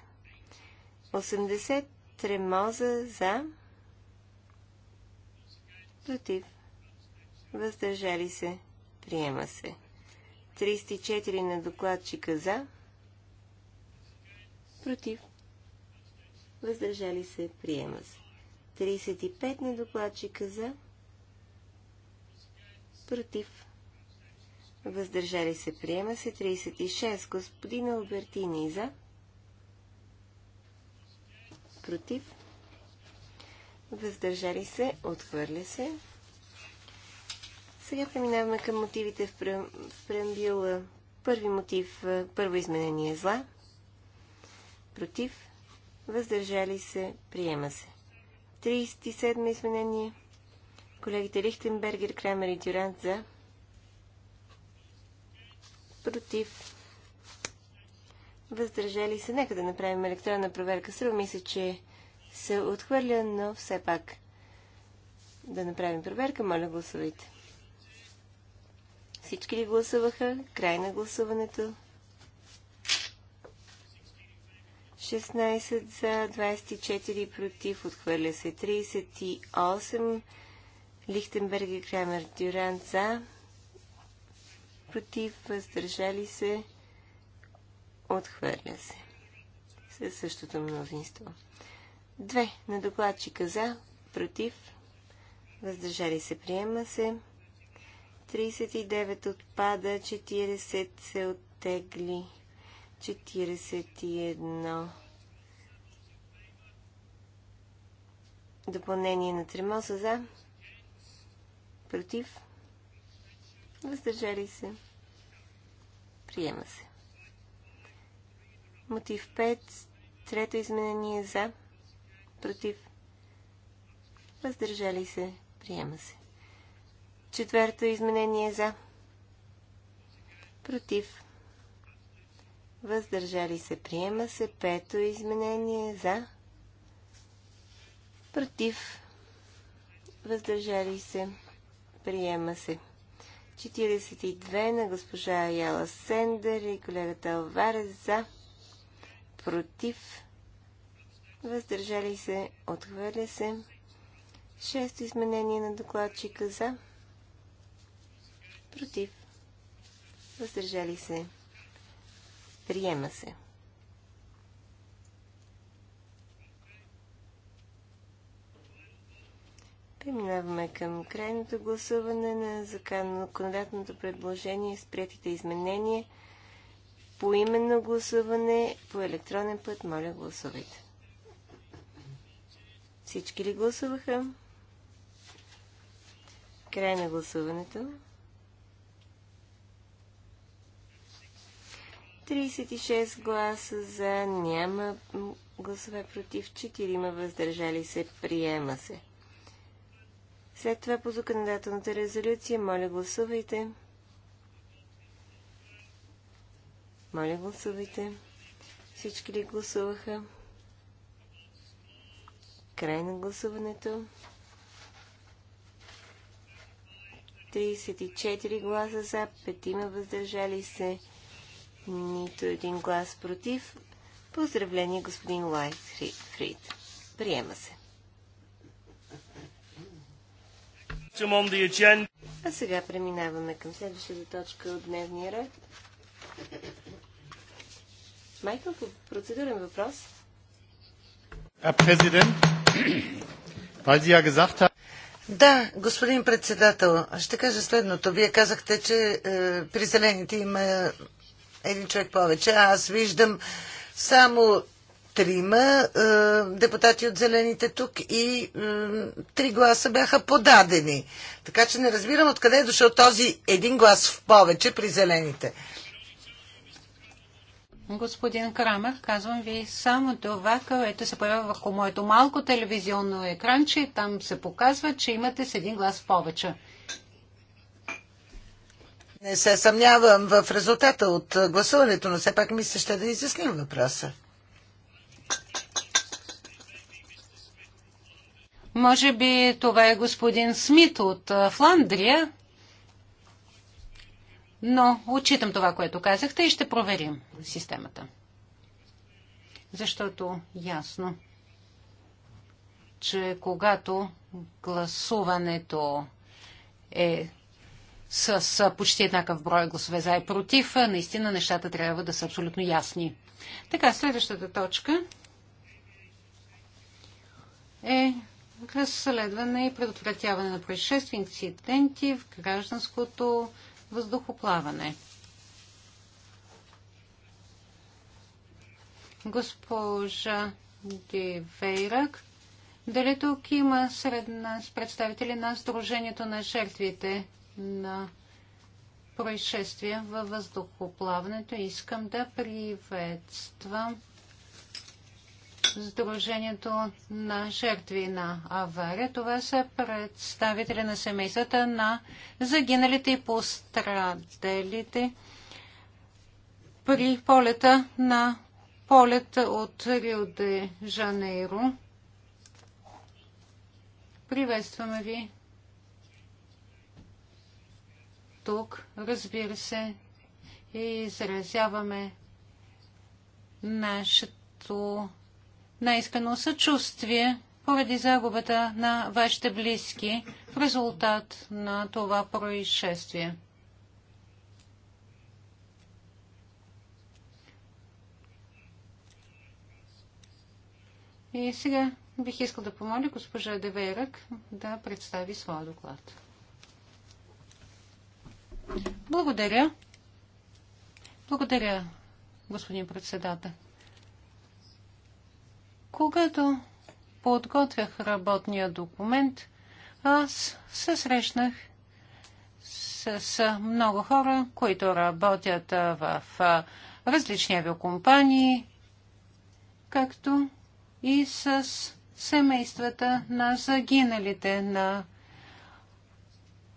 80, тремоза, за, против, въздържали се, приема се. 34 на докладчика за, против, въздържали се, приема се. 35 на докладчика за. Против. Въздържали се. Приема се 36. Господин Албертини за. Против. Въздържали се. Отхвърля се. Сега преминаваме към мотивите в, пре... в преамбюла. Първи мотив, е, първо изменение е зла. Против. Въздържали се. Приема се. 37 изменение. Колегите Лихтенбергер, Крамер и Дюрант за. Против. Въздържали се. Нека да направим електронна проверка. Струва мисля, че се отхвърля, но все пак да направим проверка. Моля, гласувайте. Всички ли гласуваха? Край на гласуването. 16 за, 24 против, отхвърля се 38. Лихтенберг и Крамер Дюран за, против, въздържали се, отхвърля се. Със същото мнозинство. 2. На докладчика за, против, въздържали се, приема се. 39 отпада, 40 се оттегли. 41 Допълнение на тримоса за. Против. Въздържали се. Приема се. Мотив 5. Трето изменение за. Против. Въздържали се. Приема се. Четвърто изменение за. Против. Въздържали се. Приема се. Пето изменение за против, въздържали се, приема се. 42 на госпожа Яла Сендер и колегата Алварес за, против, въздържали се, отхвърля се. Шесто изменение на докладчика за, против, въздържали се, приема се. Преминаваме към крайното гласуване на законодателното предложение с приятите изменения. По именно гласуване, по електронен път, моля гласувайте. Всички ли гласуваха? Край на гласуването. 36 гласа за, няма гласове против, 4 въздържали се, приема се. След това по законодателната резолюция, моля гласувайте. Моля гласувайте. Всички ли гласуваха? Край на гласуването. 34 гласа за, 5 въздържали се, нито един глас против. Поздравление, господин Лайт Фрид. Приема се. А сега преминаваме към следващата точка от дневния ред. Майкъл, по процедурен въпрос. да, господин председател, ще кажа следното. Вие казахте, че е, при зелените има един човек повече. Аз виждам само трима е, депутати от Зелените тук и е, три гласа бяха подадени. Така че не разбирам откъде е дошъл този един глас в повече при Зелените. Господин Крамер, казвам ви само това, което се появява върху моето малко телевизионно екранче там се показва, че имате с един глас в повече. Не се съмнявам в резултата от гласуването, но все пак мисля, ще да изясним въпроса. Може би това е господин Смит от Фландрия, но отчитам това, което казахте и ще проверим системата. Защото ясно, че когато гласуването е с почти еднакъв брой гласове за и против, наистина нещата трябва да са абсолютно ясни. Така, следващата точка е разследване и предотвратяване на происшествия, инциденти в гражданското въздухоплаване. Госпожа Дивейрак, дали тук има сред нас представители на Сдружението на жертвите на происшествия във въздухоплаването? Искам да приветствам Сдружението на жертви на авария. Това са представители на семействата на загиналите и пострадалите при полета на полет от Рио де Жанейро. Приветстваме ви тук, разбира се, и изразяваме нашето на искано съчувствие поради загубата на вашите близки в резултат на това происшествие. И сега бих искал да помоля госпожа Деверък да представи своя доклад. Благодаря. Благодаря, господин председател. Когато подготвях работния документ, аз се срещнах с, с много хора, които работят в различни авиокомпании, както и с семействата на загиналите на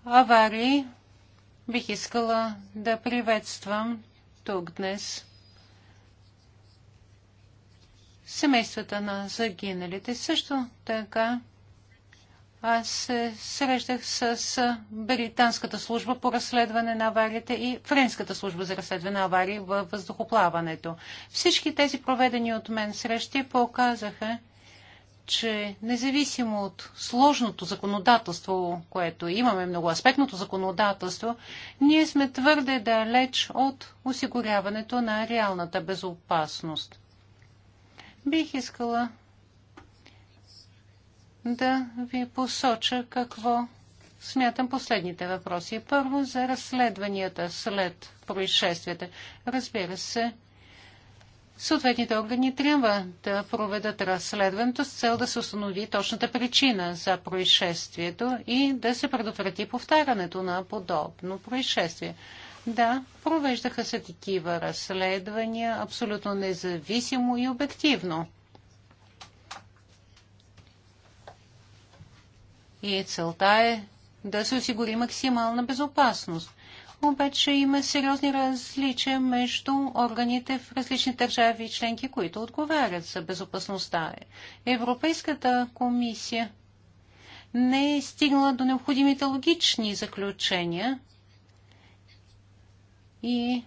аварии. Бих искала да приветствам тук днес семействата на загиналите. Също така аз се срещах с британската служба по разследване на авариите и френската служба за разследване на аварии във въздухоплаването. Всички тези проведени от мен срещи показаха, че независимо от сложното законодателство, което имаме, многоаспектното законодателство, ние сме твърде далеч от осигуряването на реалната безопасност. Бих искала да ви посоча какво смятам последните въпроси. Първо за разследванията след происшествията. Разбира се, съответните органи трябва да проведат разследването с цел да се установи точната причина за происшествието и да се предотврати повтарянето на подобно происшествие. Да, провеждаха се такива разследвания абсолютно независимо и обективно. И целта е да се осигури максимална безопасност. Обаче има сериозни различия между органите в различни държави и членки, които отговарят за безопасността. Европейската комисия не е стигнала до необходимите логични заключения – и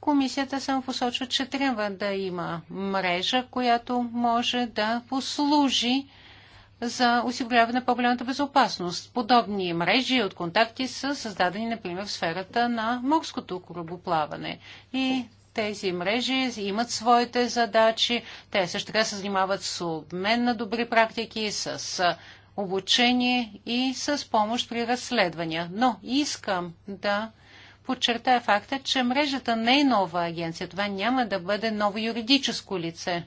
комисията само посочва, че трябва да има мрежа, която може да послужи за осигуряване на по-голямата безопасност. Подобни мрежи от контакти са създадени, например, в сферата на морското корабоплаване. И тези мрежи имат своите задачи. Те също така се занимават с обмен на добри практики, с обучение и с помощ при разследвания. Но искам да подчертая факта, че мрежата не е нова агенция. Това няма да бъде ново юридическо лице.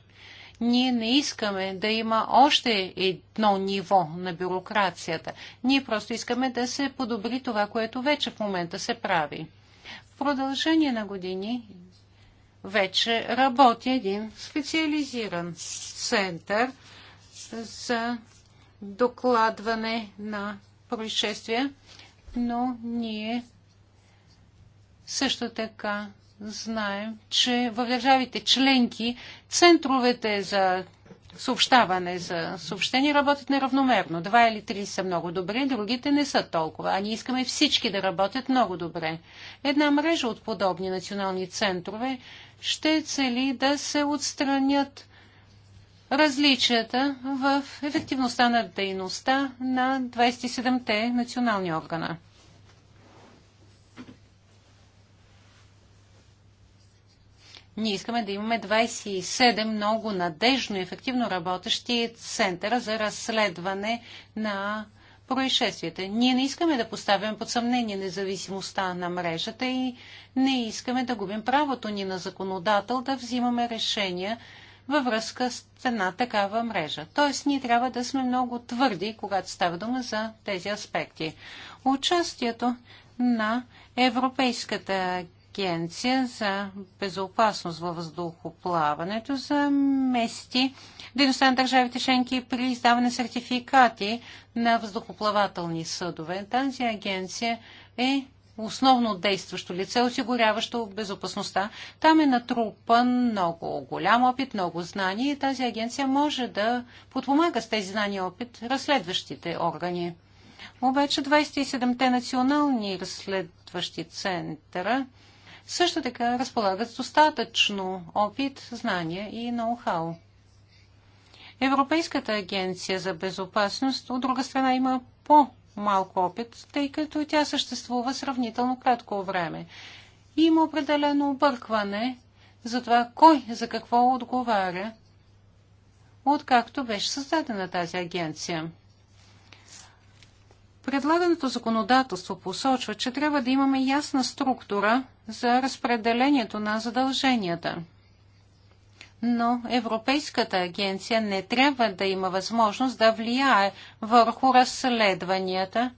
Ние не искаме да има още едно ниво на бюрокрацията. Ние просто искаме да се подобри това, което вече в момента се прави. В продължение на години вече работи един специализиран център за докладване на происшествия, но ние също така знаем, че в държавите членки центровете за съобщаване за съобщения работят неравномерно. Два или три са много добре, другите не са толкова. А ние искаме всички да работят много добре. Една мрежа от подобни национални центрове ще цели да се отстранят различията в ефективността на дейността на 27-те национални органа. Ние искаме да имаме 27 много надежно и ефективно работещи центъра за разследване на происшествията. Ние не искаме да поставяме под съмнение независимостта на мрежата и не искаме да губим правото ни на законодател да взимаме решения във връзка с една такава мрежа. Тоест, ние трябва да сме много твърди, когато става дума за тези аспекти. Участието на Европейската агенция за безопасност във въздухоплаването замести дейността на държавите членки при издаване сертификати на въздухоплавателни съдове. Тази агенция е основно действащо лице, осигуряващо безопасността. Там е натрупан много голям опит, много знания и тази агенция може да подпомага с тези знания и опит разследващите органи. Обаче 27-те национални разследващи центъра също така разполагат с достатъчно опит, знания и ноу-хау. Европейската агенция за безопасност, от друга страна, има по малко опит, тъй като тя съществува сравнително кратко време. Има определено объркване за това кой за какво отговаря, откакто беше създадена тази агенция. Предлаганото законодателство посочва, че трябва да имаме ясна структура за разпределението на задълженията – но Европейската агенция не трябва да има възможност да влияе върху разследванията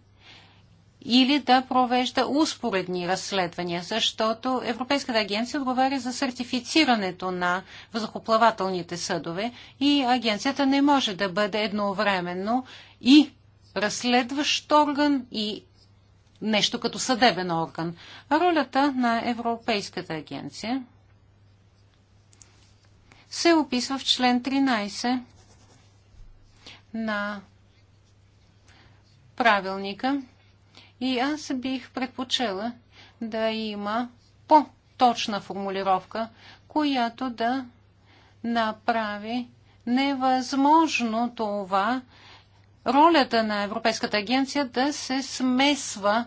или да провежда успоредни разследвания, защото Европейската агенция отговаря за сертифицирането на въздухоплавателните съдове и агенцията не може да бъде едновременно и разследващ орган и нещо като съдебен орган. Ролята на Европейската агенция се описва в член 13 на правилника. И аз бих предпочела да има по-точна формулировка, която да направи невъзможно това ролята на Европейската агенция да се смесва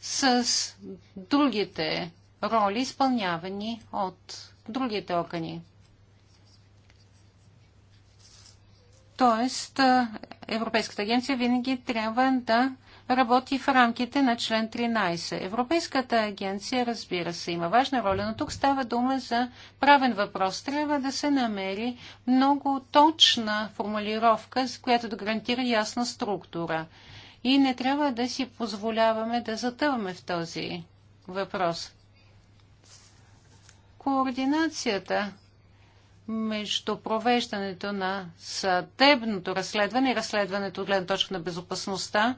с другите роли, изпълнявани от другите органи. Тоест, Европейската агенция винаги трябва да работи в рамките на член 13. Европейската агенция, разбира се, има важна роля, но тук става дума за правен въпрос. Трябва да се намери много точна формулировка, с която да гарантира ясна структура. И не трябва да си позволяваме да затъваме в този въпрос. Координацията между провеждането на съдебното разследване и разследването от гледна точка на безопасността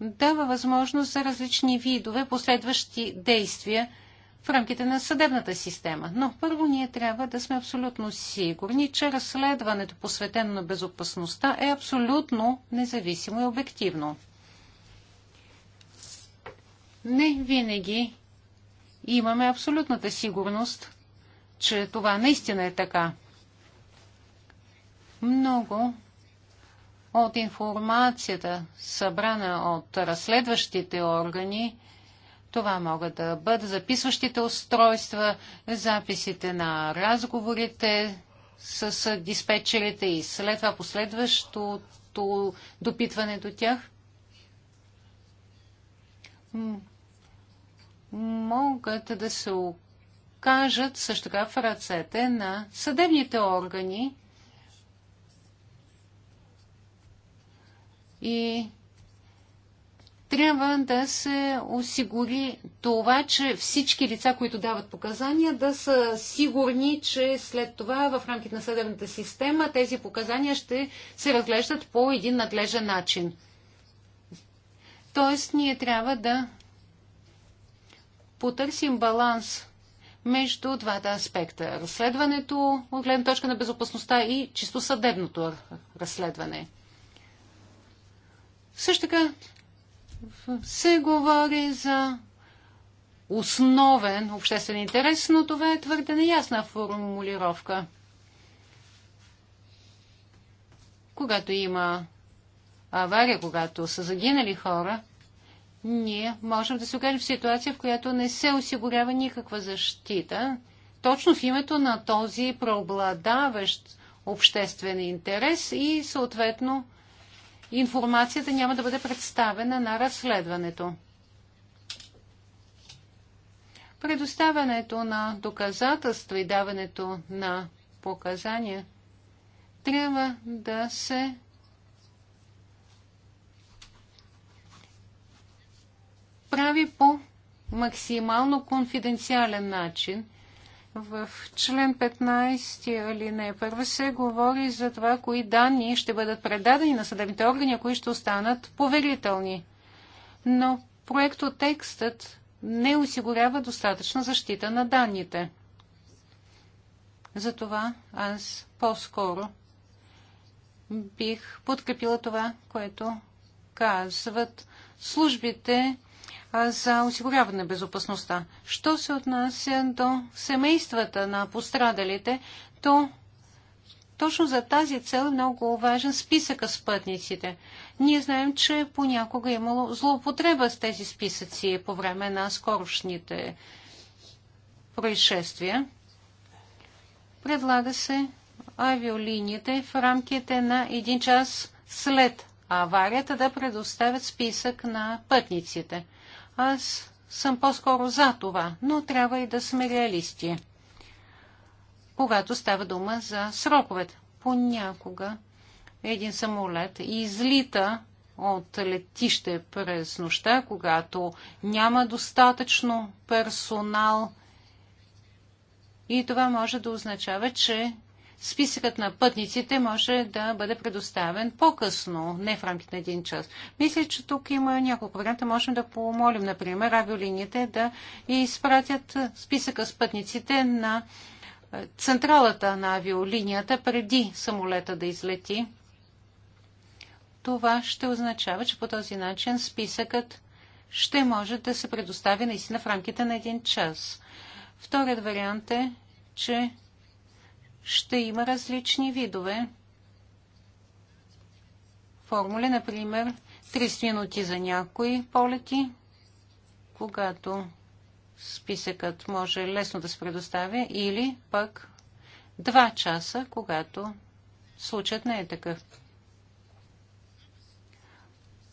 дава възможност за различни видове последващи действия в рамките на съдебната система. Но първо ние трябва да сме абсолютно сигурни, че разследването, посветено на безопасността, е абсолютно независимо и обективно. Не винаги имаме абсолютната сигурност, че това наистина е така. Много от информацията, събрана от разследващите органи, това могат да бъдат записващите устройства, записите на разговорите с диспетчерите и след това последващото допитване до тях. Могат да се кажат също така в ръцете на съдебните органи и трябва да се осигури това, че всички лица, които дават показания, да са сигурни, че след това в рамките на съдебната система тези показания ще се разглеждат по един надлежен начин. Тоест, ние трябва да потърсим баланс между двата аспекта. Разследването от гледна точка на безопасността и чисто съдебното разследване. Също така се говори за основен обществен интерес, но това е твърде неясна формулировка. Когато има авария, когато са загинали хора, ние можем да се окажем в ситуация, в която не се осигурява никаква защита, точно в името на този преобладаващ обществен интерес и съответно информацията няма да бъде представена на разследването. Предоставянето на доказателства и даването на показания трябва да се прави по максимално конфиденциален начин. В член 15 алинея първо се говори за това, кои данни ще бъдат предадени на съдебните органи, а кои ще останат поверителни. Но проектотекстът не осигурява достатъчна защита на данните. Затова аз по-скоро бих подкрепила това, което казват службите за осигуряване безопасността. Що се отнася до семействата на пострадалите, то точно за тази цел е много важен списъка с пътниците. Ние знаем, че понякога е имало злоупотреба с тези списъци по време на скорошните происшествия. Предлага се авиолиниите в рамките на един час след аварията да предоставят списък на пътниците – аз съм по-скоро за това, но трябва и да сме реалисти. Когато става дума за сроковете, понякога един самолет излита от летище през нощта, когато няма достатъчно персонал. И това може да означава, че списъкът на пътниците може да бъде предоставен по-късно, не в рамките на един час. Мисля, че тук има няколко варианта. Можем да помолим, например, авиолиниите да изпратят списъка с пътниците на е, централата на авиолинията преди самолета да излети. Това ще означава, че по този начин списъкът ще може да се предостави наистина в рамките на един час. Вторият вариант е, че ще има различни видове формули, например 30 минути за някои полети, когато списъкът може лесно да се предоставя, или пък 2 часа, когато случат не е такъв.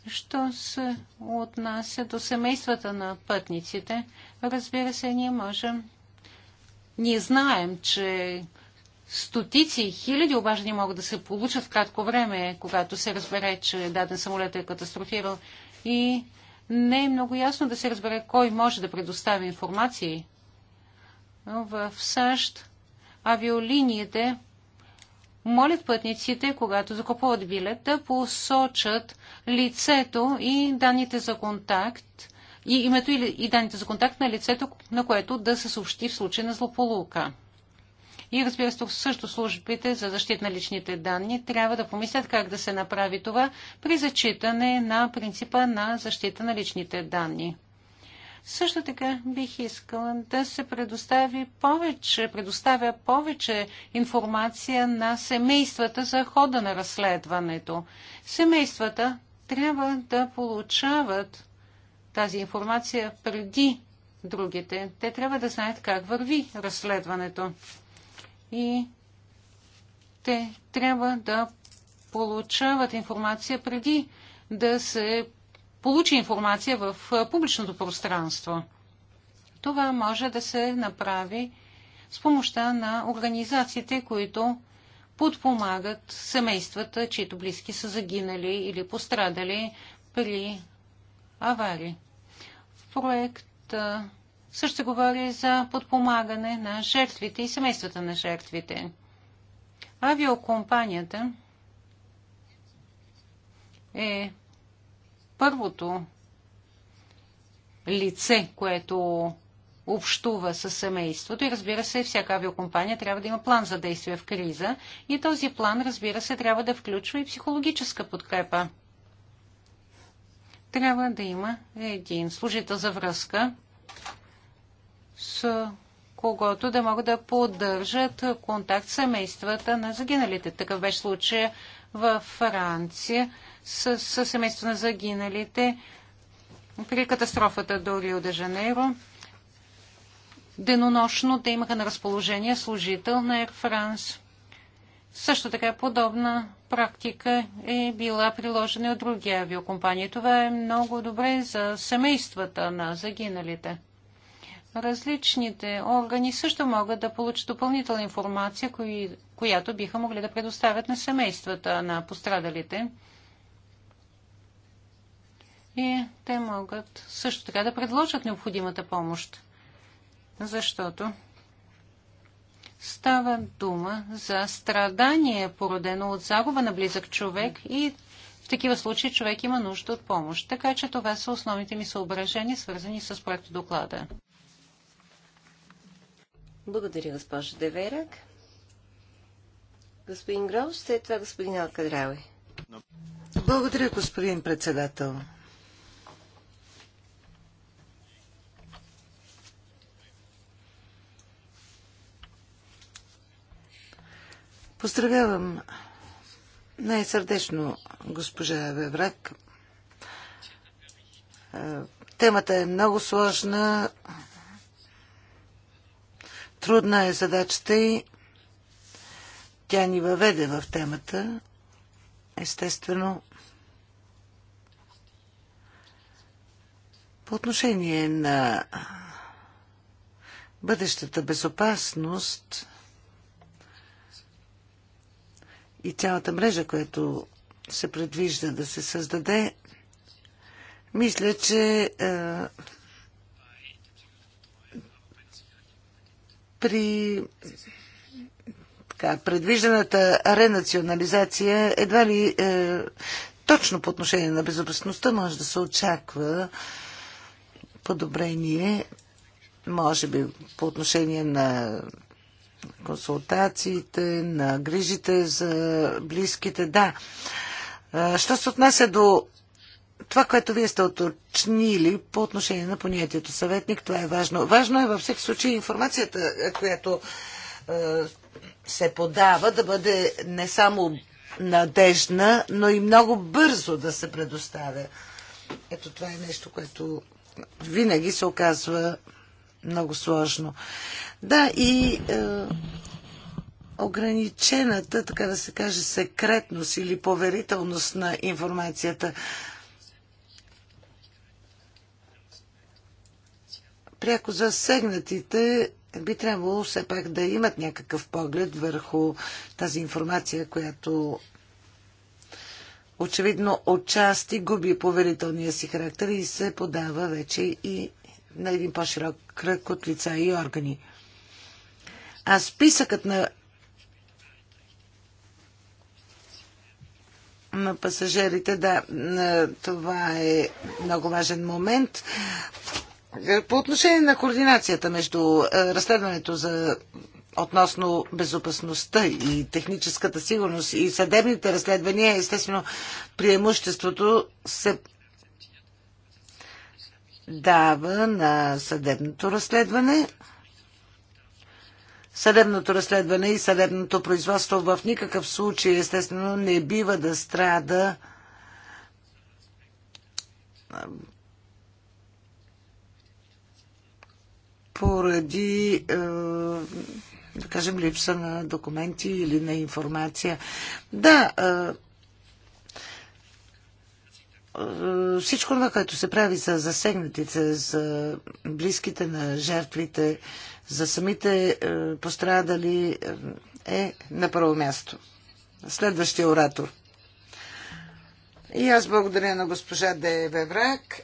Що се отнася до семействата на пътниците, разбира се, ние можем. Ние знаем, че стотици, хиляди обаждания могат да се получат в кратко време, когато се разбере, че даден самолет е катастрофирал. И не е много ясно да се разбере кой може да предостави информации. В САЩ авиолиниите молят пътниците, когато закупуват билет, да посочат лицето и данните за контакт и името и данните за контакт на лицето, на което да се съобщи в случай на злополука. И разбира се, също службите за защита на личните данни трябва да помислят как да се направи това при зачитане на принципа на защита на личните данни. Също така бих искала да се предостави повече, предоставя повече информация на семействата за хода на разследването. Семействата трябва да получават тази информация преди другите. Те трябва да знаят как върви разследването и те трябва да получават информация преди да се получи информация в публичното пространство. Това може да се направи с помощта на организациите, които подпомагат семействата, чието близки са загинали или пострадали при аварии. В проекта също говори за подпомагане на жертвите и семействата на жертвите. Авиокомпанията е първото лице, което общува с семейството и разбира се, всяка авиокомпания трябва да има план за действие в криза и този план, разбира се, трябва да включва и психологическа подкрепа. Трябва да има един служител за връзка, с когото да могат да поддържат контакт с семействата на загиналите. Такъв беше случай във Франция с, с семейство на загиналите при катастрофата до Рио де Жанейро. Денонощно те имаха на разположение служител на Air France. Също така подобна практика е била приложена от други авиокомпании. Това е много добре за семействата на загиналите различните органи също могат да получат допълнителна информация, кои, която биха могли да предоставят на семействата на пострадалите. И те могат също така да предложат необходимата помощ, защото става дума за страдание, породено от загуба на близък човек и в такива случаи човек има нужда от помощ. Така че това са основните ми съображения, свързани с проекта доклада. Благодаря, госпожо Деверак. Господин Грош, след това господин Алкадрави. Благодаря, господин председател. Поздравявам най-сърдечно госпожа Веврак. Темата е много сложна, Трудна е задачата и тя ни въведе в темата. Естествено, по отношение на бъдещата безопасност и цялата мрежа, която се предвижда да се създаде, мисля, че е, при така, предвижданата ренационализация едва ли е, точно по отношение на безопасността може да се очаква подобрение, може би по отношение на консултациите, на грижите за близките, да. Е, що се отнася до това, което вие сте оточнили по отношение на понятието съветник, това е важно. Важно е във всеки случай информацията, която е, се подава, да бъде не само надежна, но и много бързо да се предоставя. Ето това е нещо, което винаги се оказва много сложно. Да, и е, ограничената, така да се каже, секретност или поверителност на информацията. Е, пряко засегнатите би трябвало все пак да имат някакъв поглед върху тази информация, която очевидно отчасти губи поверителния си характер и се подава вече и на един по-широк кръг от лица и органи. А списъкът на на пасажирите, да, това е много важен момент. Е, по отношение на координацията между е, разследването за относно безопасността и техническата сигурност и съдебните разследвания, естествено, преимуществото се дава на съдебното разследване. Съдебното разследване и съдебното производство в никакъв случай, естествено, не бива да страда поради е, да кажем, липса на документи или на информация. Да, е, е, всичко това, което се прави за засегнатите, за близките на жертвите, за самите пострадали, е на първо място. Следващия оратор. И аз благодаря на госпожа Деве Враг.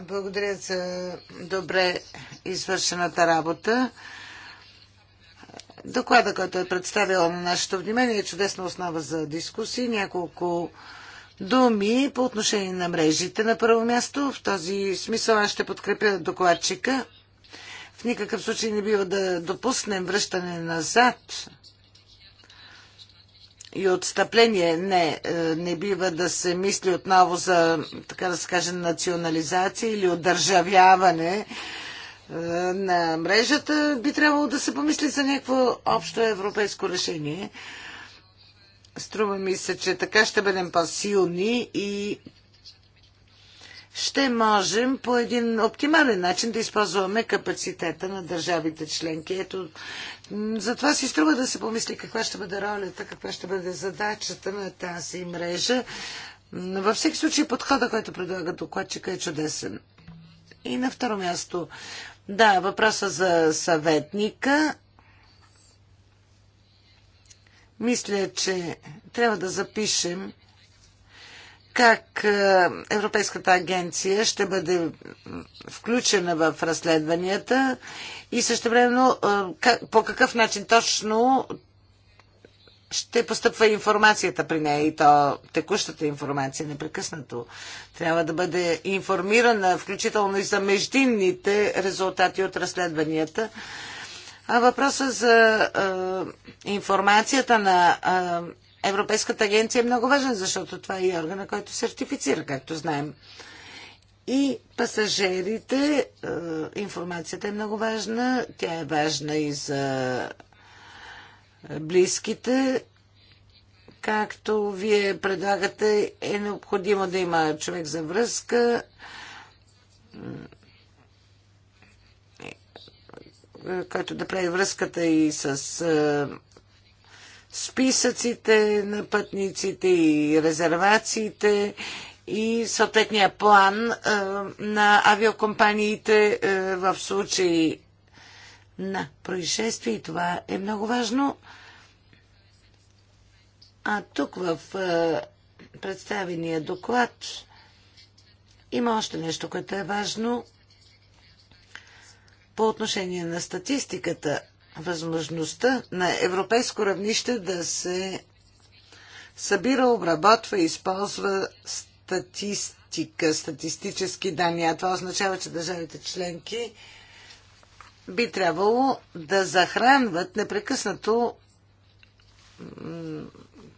Благодаря за добре извършената работа. Доклада, който е представила на нашето внимание, е чудесна основа за дискусии. Няколко думи по отношение на мрежите на първо място. В този смисъл аз ще подкрепя докладчика. В никакъв случай не бива да допуснем връщане назад и отстъпление. Не, е, не бива да се мисли отново за, така да се каже, национализация или отдържавяване е, на мрежата. Би трябвало да се помисли за някакво общо европейско решение. Струва ми се, че така ще бъдем по-силни и ще можем по един оптимален начин да използваме капацитета на държавите членки. Ето, затова си струва да се помисли каква ще бъде ролята, каква ще бъде задачата на тази мрежа. Във всеки случай подхода, който предлага докладчика е чудесен. И на второ място, да, въпроса за съветника. Мисля, че трябва да запишем как е, Европейската агенция ще бъде включена в разследванията и също времено е, по какъв начин точно ще постъпва информацията при нея и то текущата информация непрекъснато. Трябва да бъде информирана, включително и за междинните резултати от разследванията. А въпроса за а, е, информацията на а, Европейската агенция е много важен, защото това е и органа, който сертифицира, както знаем. И пасажирите, е, информацията е много важна. Тя е важна и за е, близките. Както вие предлагате, е необходимо да има човек за връзка. Е, който да прави връзката и с списъците на пътниците и резервациите и съответния план е, на авиокомпаниите е, в случай на происшествие. И това е много важно. А тук в е, представения доклад има още нещо, което е важно по отношение на статистиката възможността на европейско равнище да се събира, обработва и използва статистика, статистически данни. А това означава, че държавите членки би трябвало да захранват непрекъснато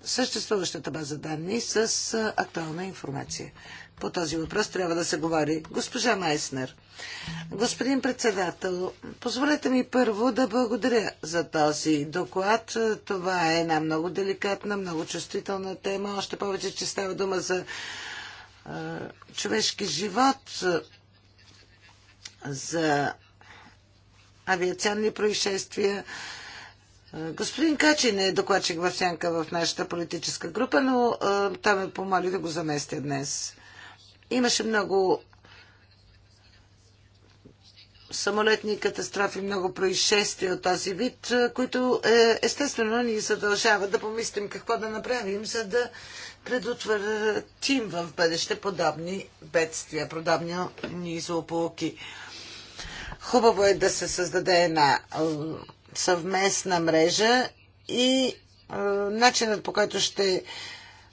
съществуващата база данни с актуална информация. По този въпрос трябва да се говори. Госпожа Майснер. Господин председател, позволете ми първо да благодаря за този доклад. Това е една много деликатна, много чувствителна тема. Още повече, че става дума за а, е, човешки живот, за авиационни происшествия. Господин Качин е докладчик в сянка в нашата политическа група, но а, е, там ме помоли да го заместя днес. Имаше много самолетни катастрофи, много происшествия от този вид, които е, естествено ни задължават да помислим какво да направим, за да предотвратим в бъдеще подобни бедствия, подобни ни Хубаво е да се създаде една съвместна мрежа и начинът по който ще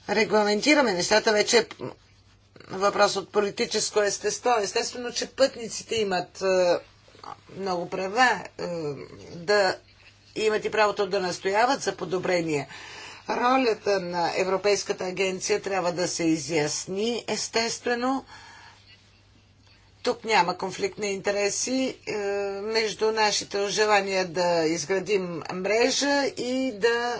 регламентираме нещата вече е въпрос от политическо естество. Естествено, че пътниците имат е, много права е, да имат и правото да настояват за подобрение. Ролята на Европейската агенция трябва да се изясни, естествено. Тук няма конфликт на интереси е, между нашите желания да изградим мрежа и да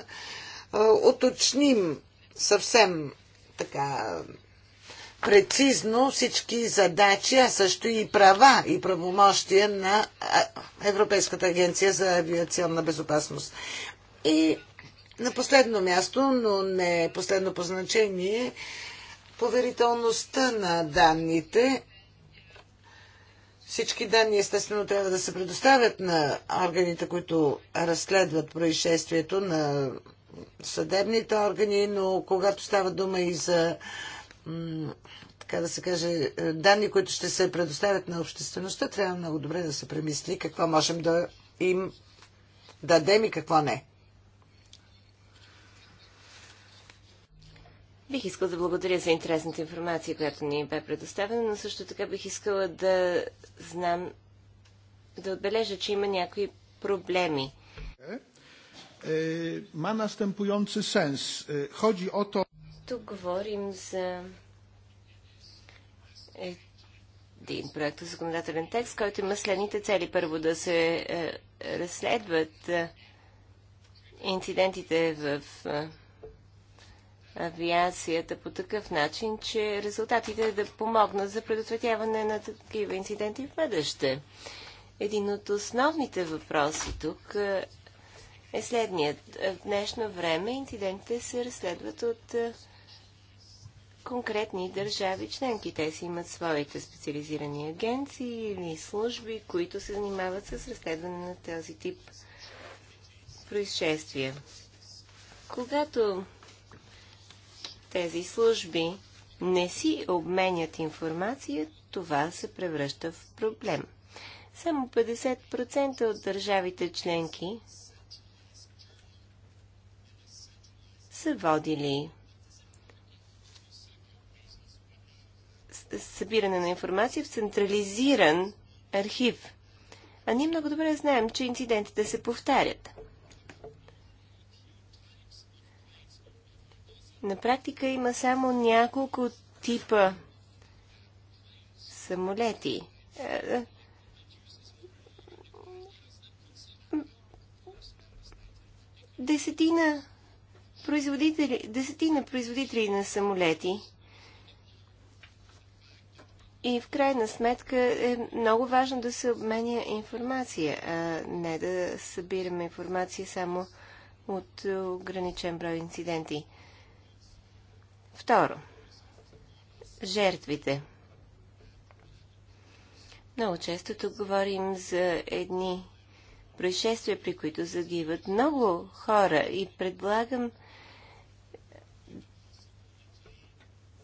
е, уточним съвсем така прецизно всички задачи, а също и права и правомощия на Европейската агенция за авиационна безопасност. И на последно място, но не последно по значение, поверителността на данните. Всички данни естествено трябва да се предоставят на органите, които разследват происшествието, на съдебните органи, но когато става дума и за така да се каже, е, данни, които ще се предоставят на обществеността, трябва много добре да се премисли какво можем да им дадем и какво не. Бих искала да благодаря за интересната информация, която ни бе предоставена, но също така бих искала да знам, да отбележа, че има някои проблеми. Е, е, ма następujący сенс. Chodzi о то когато говорим за един проект за законодателен текст, който има следните цели. Първо да се е, разследват е, инцидентите в е, авиацията по такъв начин, че резултатите да помогнат за предотвратяване на такива инциденти в бъдеще. Един от основните въпроси тук е следният. В днешно време инцидентите се разследват от конкретни държави членки. Те си имат своите специализирани агенции или служби, които се занимават с разследване на този тип происшествия. Когато тези служби не си обменят информация, това се превръща в проблем. Само 50% от държавите членки са водили събиране на информация в централизиран архив. А ние много добре знаем, че инцидентите се повтарят. На практика има само няколко типа самолети. Е, е, десетина производители, десетина производители на самолети – и в крайна сметка е много важно да се обменя информация, а не да събираме информация само от ограничен брой инциденти. Второ. Жертвите. Много често тук говорим за едни происшествия, при които загиват много хора и предлагам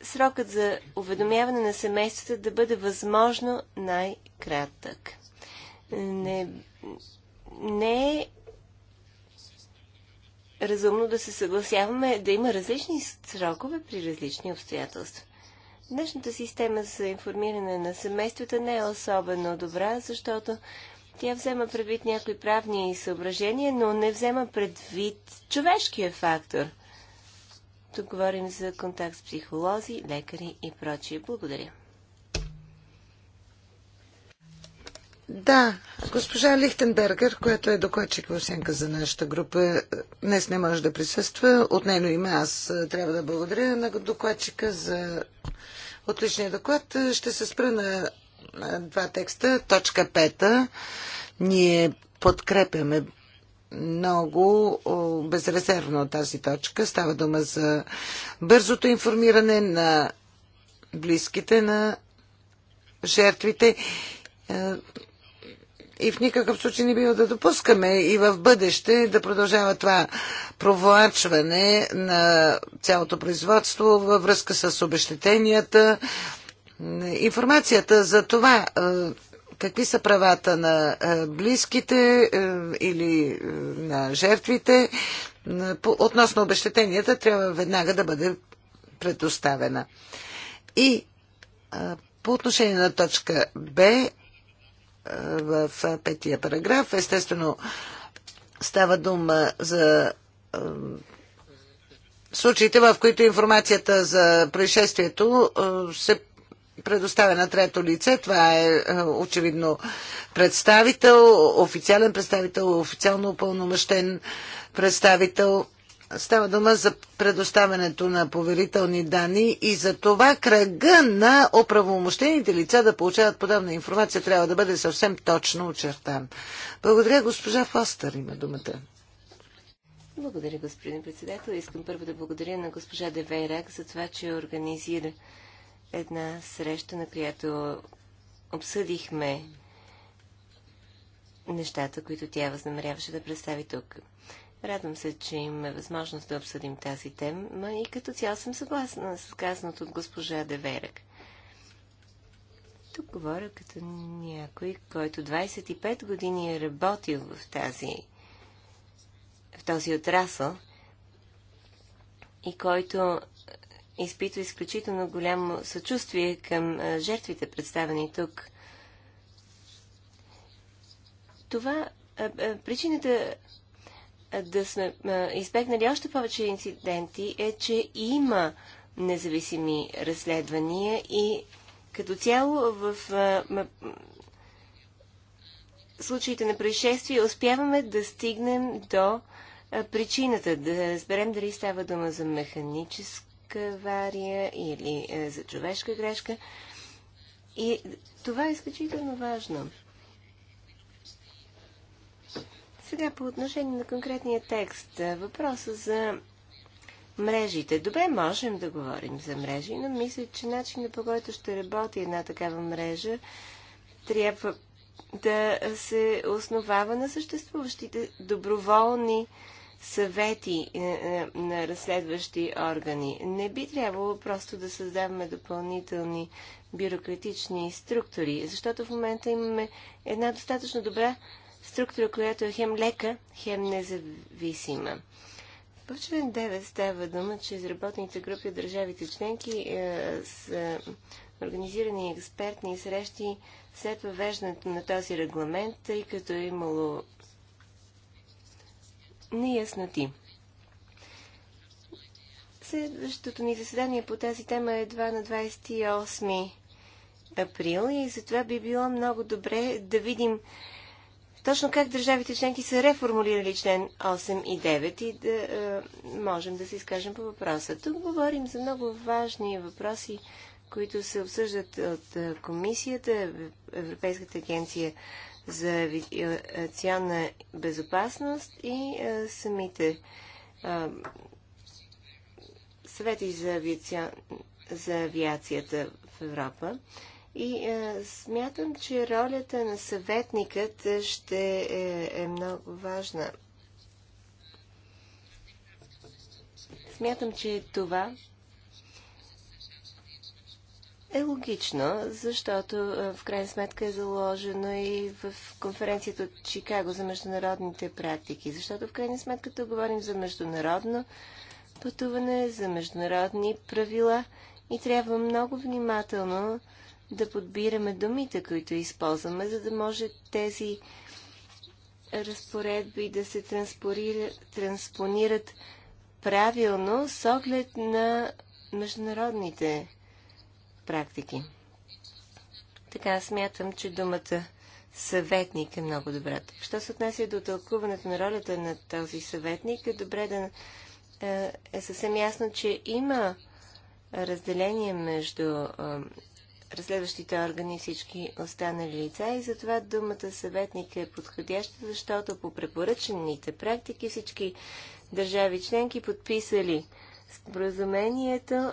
срокът за уведомяване на семействата да бъде възможно най-кратък. Не, не е разумно да се съгласяваме да има различни срокове при различни обстоятелства. Днешната система за информиране на семействата не е особено добра, защото тя взема предвид някои правни съображения, но не взема предвид човешкия фактор – тук говорим за контакт с психолози, лекари и прочие. Благодаря. Да, госпожа Лихтенбергер, която е докладчик в Сенка за нашата група, днес не може да присъства. От нейно име аз е, трябва да благодаря на докладчика за отличния доклад. Ще се спра на два текста. Точка пета. Ние подкрепяме много безрезервно тази точка. Става дума за бързото информиране на близките на жертвите. Е, и в никакъв случай не бива да допускаме и в бъдеще да продължава това провлачване на цялото производство във връзка с обещетенията. Информацията за това е, какви са правата на е, близките е, или е, на жертвите относно обещетенията трябва веднага да бъде предоставена. И по отношение на точка Б в петия параграф, естествено става дума за случаите, в които информацията за происшествието се предоставя на трето лице. Това е, е очевидно представител, официален представител, официално упълномощен представител. Става дума за предоставянето на поверителни данни и за това кръга на оправомощените лица да получават подобна информация трябва да бъде съвсем точно очертан. Благодаря, госпожа Фостър има думата. Благодаря, господин председател. Искам първо да благодаря на госпожа Девейрак за това, че организира една среща, на която обсъдихме нещата, които тя възнамеряваше да представи тук. Радвам се, че имаме възможност да обсъдим тази тема и като цяло съм съгласна с казаното от госпожа Деверък. Тук говоря като някой, който 25 години е работил в тази в този отрасъл и който изпитва изключително голямо съчувствие към жертвите, представени тук. Това причината да сме избегнали още повече инциденти е, че има независими разследвания и като цяло в случаите на происшествия успяваме да стигнем до причината, да разберем дали става дума за механическо тежка авария или е, за човешка грешка. И това е изключително важно. Сега по отношение на конкретния текст, е, въпроса за мрежите. Добре, можем да говорим за мрежи, но мисля, че начинът по който ще работи една такава мрежа трябва да се основава на съществуващите доброволни съвети е, е, на разследващи органи. Не би трябвало просто да създаваме допълнителни бюрократични структури, защото в момента имаме една достатъчно добра структура, която е хем лека, хем независима. В член 9 става дума, че изработените групи от държавите членки е, са организирани експертни срещи след въвеждането на този регламент, тъй като е имало неясноти. Следващото ни заседание по тази тема е едва на 28 април и затова би било много добре да видим точно как държавите членки са реформулирали член 8 и 9 и да е, можем да се изкажем по въпроса. Тук говорим за много важни въпроси, които се обсъждат от е, комисията, Европейската агенция за авиационна безопасност и а, самите а, съвети за, авиация, за авиацията в Европа. И а, смятам, че ролята на съветникът ще е, е много важна. Смятам, че това е логично, защото в крайна сметка е заложено и в конференцията от Чикаго за международните практики, защото в крайна сметка тук говорим за международно пътуване, за международни правила и трябва много внимателно да подбираме думите, които използваме, за да може тези разпоредби да се транспонират правилно с оглед на международните практики. Така смятам, че думата съветник е много добра. Що се отнася до тълкуването на ролята на този съветник, е добре да е, е съвсем ясно, че има разделение между е, разследващите органи и всички останали лица и затова думата съветник е подходяща, защото по препоръчените практики всички държави членки подписали споразумението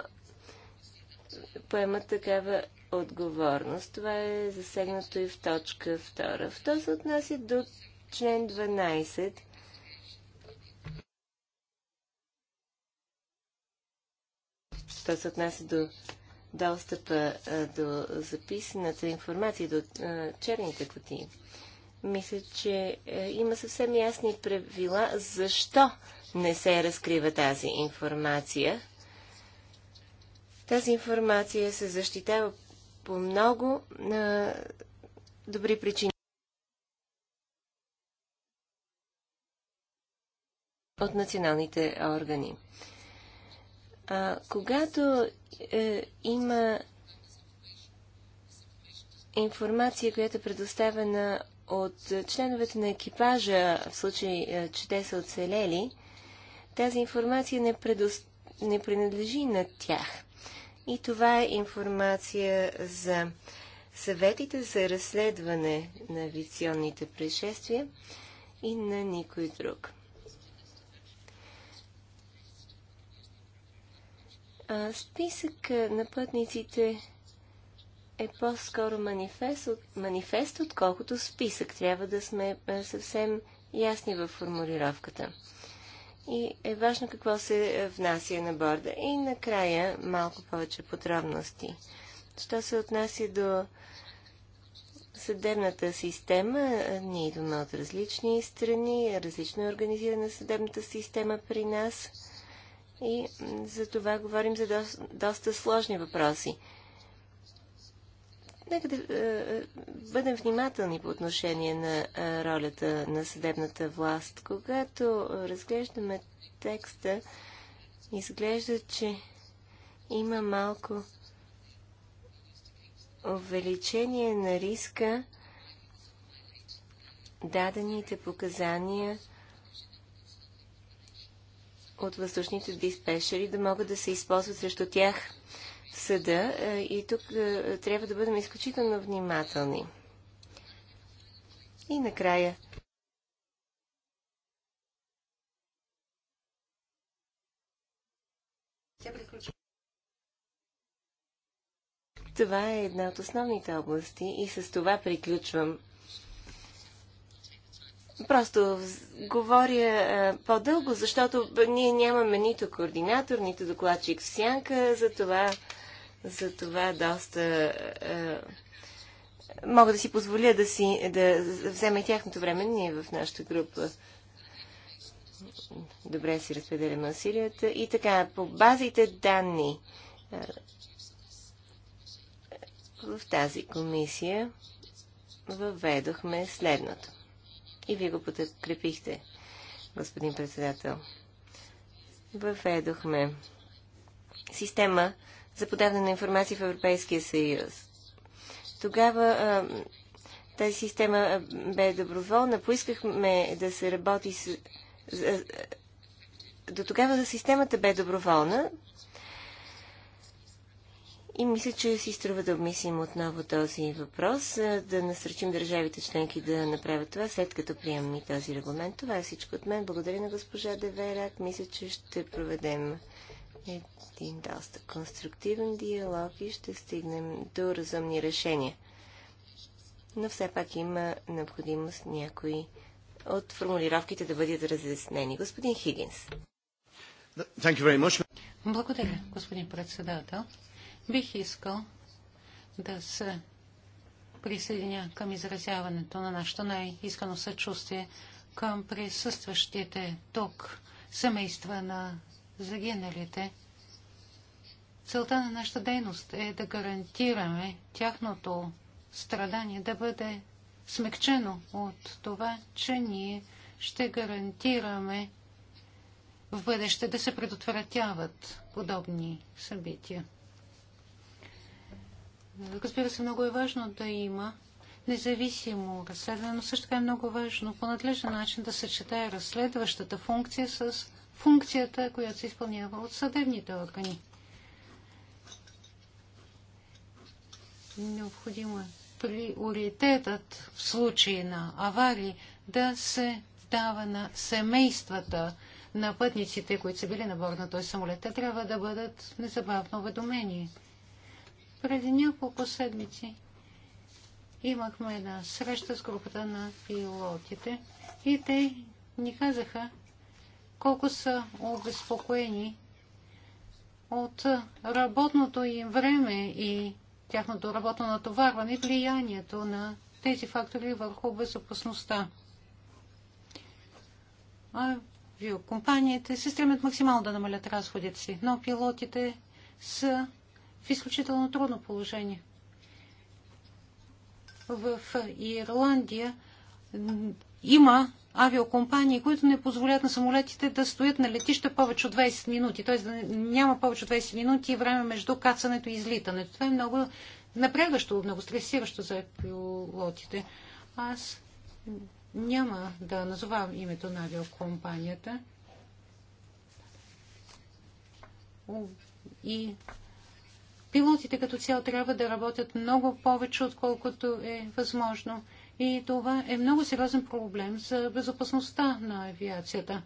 поемат такава отговорност. Това е засегнато и в точка 2. В то се отнася до член 12. То се отнася до достъпа до записаната информация, до черните кутии. Мисля, че е, има съвсем ясни правила защо не се разкрива тази информация тази информация се защитава по много а, добри причини. от националните органи. А, когато е, има информация, която е предоставена от членовете на екипажа, в случай, е, че те са оцелели, тази информация не, предо... не принадлежи на тях. И това е информация за съветите за разследване на авиационните происшествия и на никой друг. А, списък на пътниците е по-скоро манифест, от, манифест, отколкото списък. Трябва да сме съвсем ясни във формулировката и е важно какво се внася на борда. И накрая малко повече подробности. Що се отнася до съдебната система, ние идваме от различни страни, различно е организирана съдебната система при нас и за това говорим за до, доста сложни въпроси. Нека да е, е, бъдем внимателни по отношение на е, ролята на съдебната власт. Когато разглеждаме текста, изглежда, че има малко увеличение на риска дадените показания от въздушните диспешери да могат да се използват срещу тях съда е, и тук е, трябва да бъдем изключително внимателни. И накрая. Това е една от основните области и с това приключвам Просто говоря е, по-дълго, защото ние нямаме нито координатор, нито докладчик в сянка, за това, за това доста е, е, мога да си позволя да, си, да взема и тяхното време. Ние в нашата група добре си разпределяме усилията. И така, по базите данни в тази комисия въведохме следното и вие го подкрепихте, господин председател. Въведохме система за подаване на информация в Европейския съюз. Тогава а, тази система бе доброволна. Поискахме да се работи с... До тогава системата бе доброволна. И мисля, че си струва да обмислим отново този въпрос, да насръчим държавите членки да направят това, след като приемем и този регламент. Това е всичко от мен. Благодаря на госпожа Деверак. Мисля, че ще проведем един доста конструктивен диалог и ще стигнем до разумни решения. Но все пак има необходимост някои от формулировките да бъдат разяснени. Господин Хигинс. Благодаря, господин председател. Бих искал да се присъединя към изразяването на нашето най-искано съчувствие към присъстващите тук семейства на загиналите. Целта на нашата дейност е да гарантираме тяхното страдание да бъде смекчено от това, че ние ще гарантираме в бъдеще да се предотвратяват подобни събития разбира се, много е важно да има независимо разследване, но също така е много важно по надлежен начин да съчетае разследващата функция с функцията, която се изпълнява от съдебните органи. Необходимо е приоритетът в случай на аварии да се дава на семействата на пътниците, които са били на борда на този самолет. Те трябва да бъдат незабавно уведомени. Преди няколко седмици имахме една среща с групата на пилотите и те ни казаха колко са обезпокоени от работното им време и тяхното работно натоварване и влиянието на тези фактори върху безопасността. А компаниите се стремят максимално да намалят разходите си, но пилотите са в изключително трудно положение. В Ирландия има авиокомпании, които не позволят на самолетите да стоят на летища повече от 20 минути, т.е. да няма повече от 20 минути време между кацането и излитането. Това е много напрягащо, много стресиращо за пилотите. Аз няма да назовам името на авиокомпанията. И Пилотите като цяло трябва да работят много повече, отколкото е възможно. И това е много сериозен проблем за безопасността на авиацията.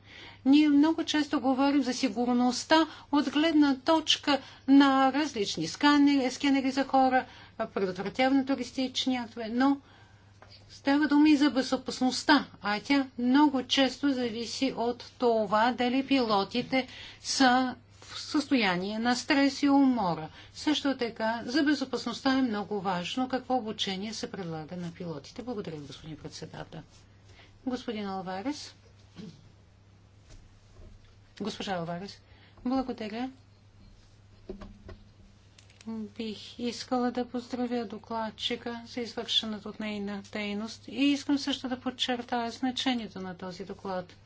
Ние много често говорим за сигурността от гледна точка на различни сканери, скенери за хора, предотвратяване на туристични актове, но става дума и за безопасността, а тя много често зависи от това дали пилотите са състояние на стрес и умора. Също така, за безопасността е много важно какво обучение се предлага на пилотите. Благодаря, господин председател. Господин Алварес. Госпожа Алварес. Благодаря. Бих искала да поздравя докладчика за извършената от нейна дейност и искам също да подчертая значението на този доклад –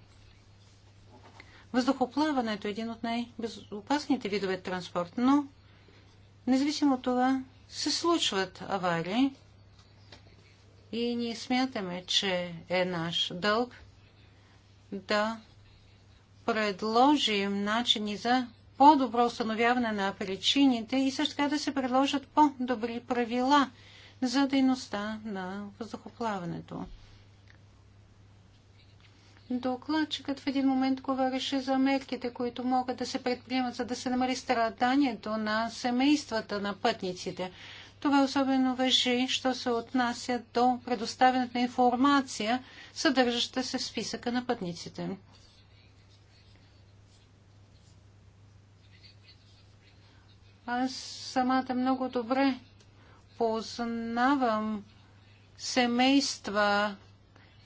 Въздухоплаването е един от най-безопасните видове транспорт, но независимо от това се случват аварии и ние смятаме, че е наш дълг да предложим начини за по-добро установяване на причините и също така да се предложат по-добри правила за дейността на въздухоплаването. Докладчикът в един момент говореше за мерките, които могат да се предприемат, за да се намали страданието на семействата на пътниците. Това особено въжи, що се отнася до предоставянето на информация, съдържаща се в списъка на пътниците. Аз самата много добре познавам семейства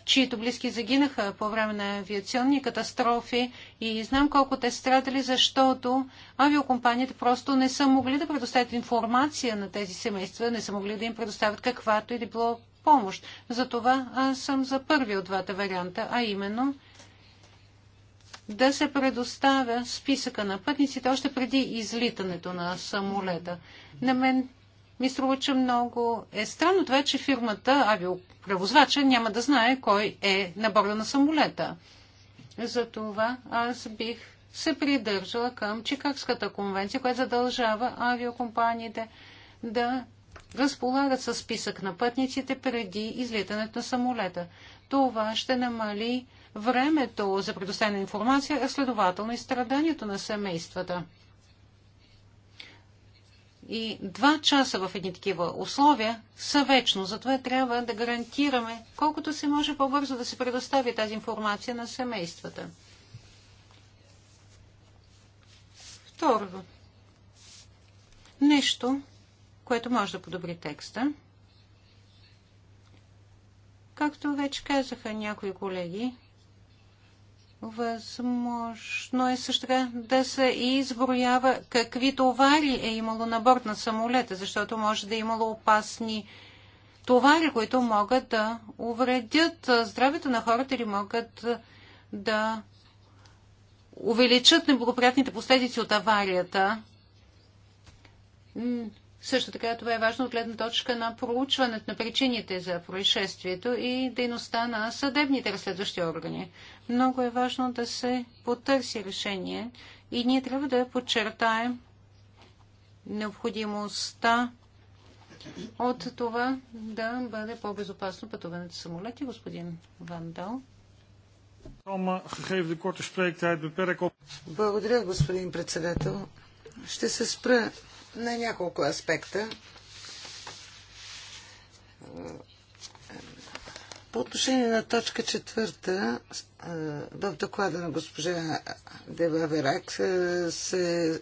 чието близки загинаха по време на авиационни катастрофи и знам колко те страдали, защото авиокомпаниите просто не са могли да предоставят информация на тези семейства, не са могли да им предоставят каквато и да било помощ. Затова аз съм за първи от двата варианта, а именно да се предоставя списъка на пътниците още преди излитането на самолета. На мен ми струва, че много е странно това, че фирмата авиопревозвача няма да знае кой е на борда на самолета. Затова аз бих се придържала към Чикагската конвенция, която задължава авиокомпаниите да разполагат със списък на пътниците преди излитането на самолета. Това ще намали времето за на информация, а следователно и страданието на семействата. И два часа в едни такива условия са вечно. Затова трябва да гарантираме колкото се може по-бързо да се предостави тази информация на семействата. Второ. Нещо, което може да подобри текста. Както вече казаха някои колеги, Възможно е също така да се изброява какви товари е имало на борт на самолета, защото може да е имало опасни товари, които могат да увредят здравето на хората или могат да увеличат неблагоприятните последици от аварията. Също така това е важно от гледна точка на проучването на причините за происшествието и дейността на съдебните разследващи органи. Много е важно да се потърси решение и ние трябва да подчертаем необходимостта от това да бъде по-безопасно пътуването с самолети, господин Вандал. Е Благодаря, господин председател. Ще се спра на няколко аспекта. По отношение на точка четвърта, в доклада на госпожа Дева Верак се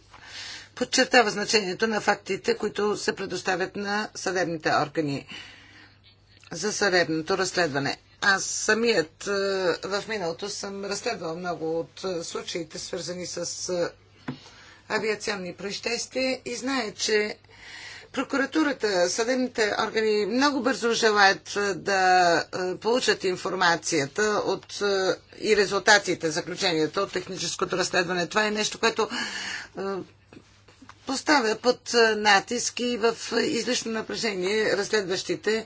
подчертава значението на фактите, които се предоставят на съдебните органи за съдебното разследване. Аз самият в миналото съм разследвал много от случаите, свързани с авиационни происшествия и знае, че прокуратурата, съдебните органи много бързо желаят да получат информацията от, и резултатите, заключенията от техническото разследване. Това е нещо, което поставя под натиск и в излишно напрежение разследващите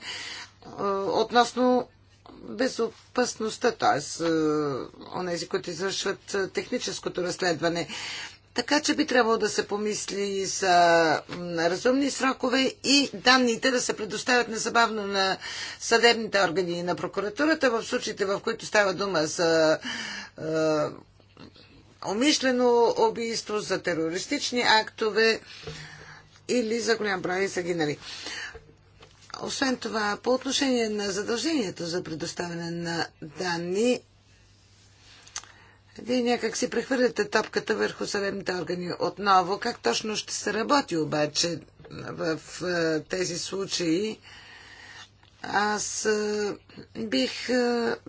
относно безопасността, т.е. онези, които извършват техническото разследване. Така че би трябвало да се помисли за разумни срокове и данните да се предоставят незабавно на съдебните органи и на прокуратурата в случаите, в които става дума за е, умишлено убийство, за терористични актове или за голям брой загинали. Освен това, по отношение на задължението за предоставяне на данни, вие някак си прехвърляте топката върху съдебните органи отново. Как точно ще се работи обаче в е, тези случаи? Аз е, бих е,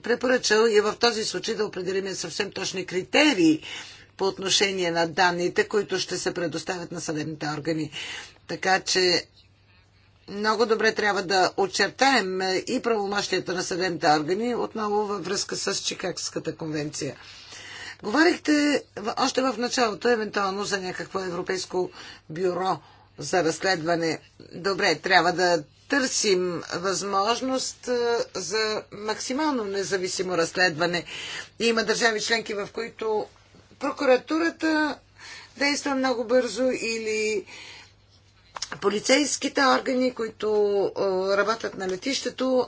препоръчал и в този случай да определим съвсем точни критерии по отношение на данните, които ще се предоставят на съдебните органи. Така че много добре трябва да очертаем и правомощията на съдебните органи отново във връзка с Чикагската конвенция. Говорихте още в началото, евентуално, за някакво европейско бюро за разследване. Добре, трябва да търсим възможност е, за максимално независимо разследване. Има държави членки, в които прокуратурата действа много бързо или полицейските органи, които е, работят на летището,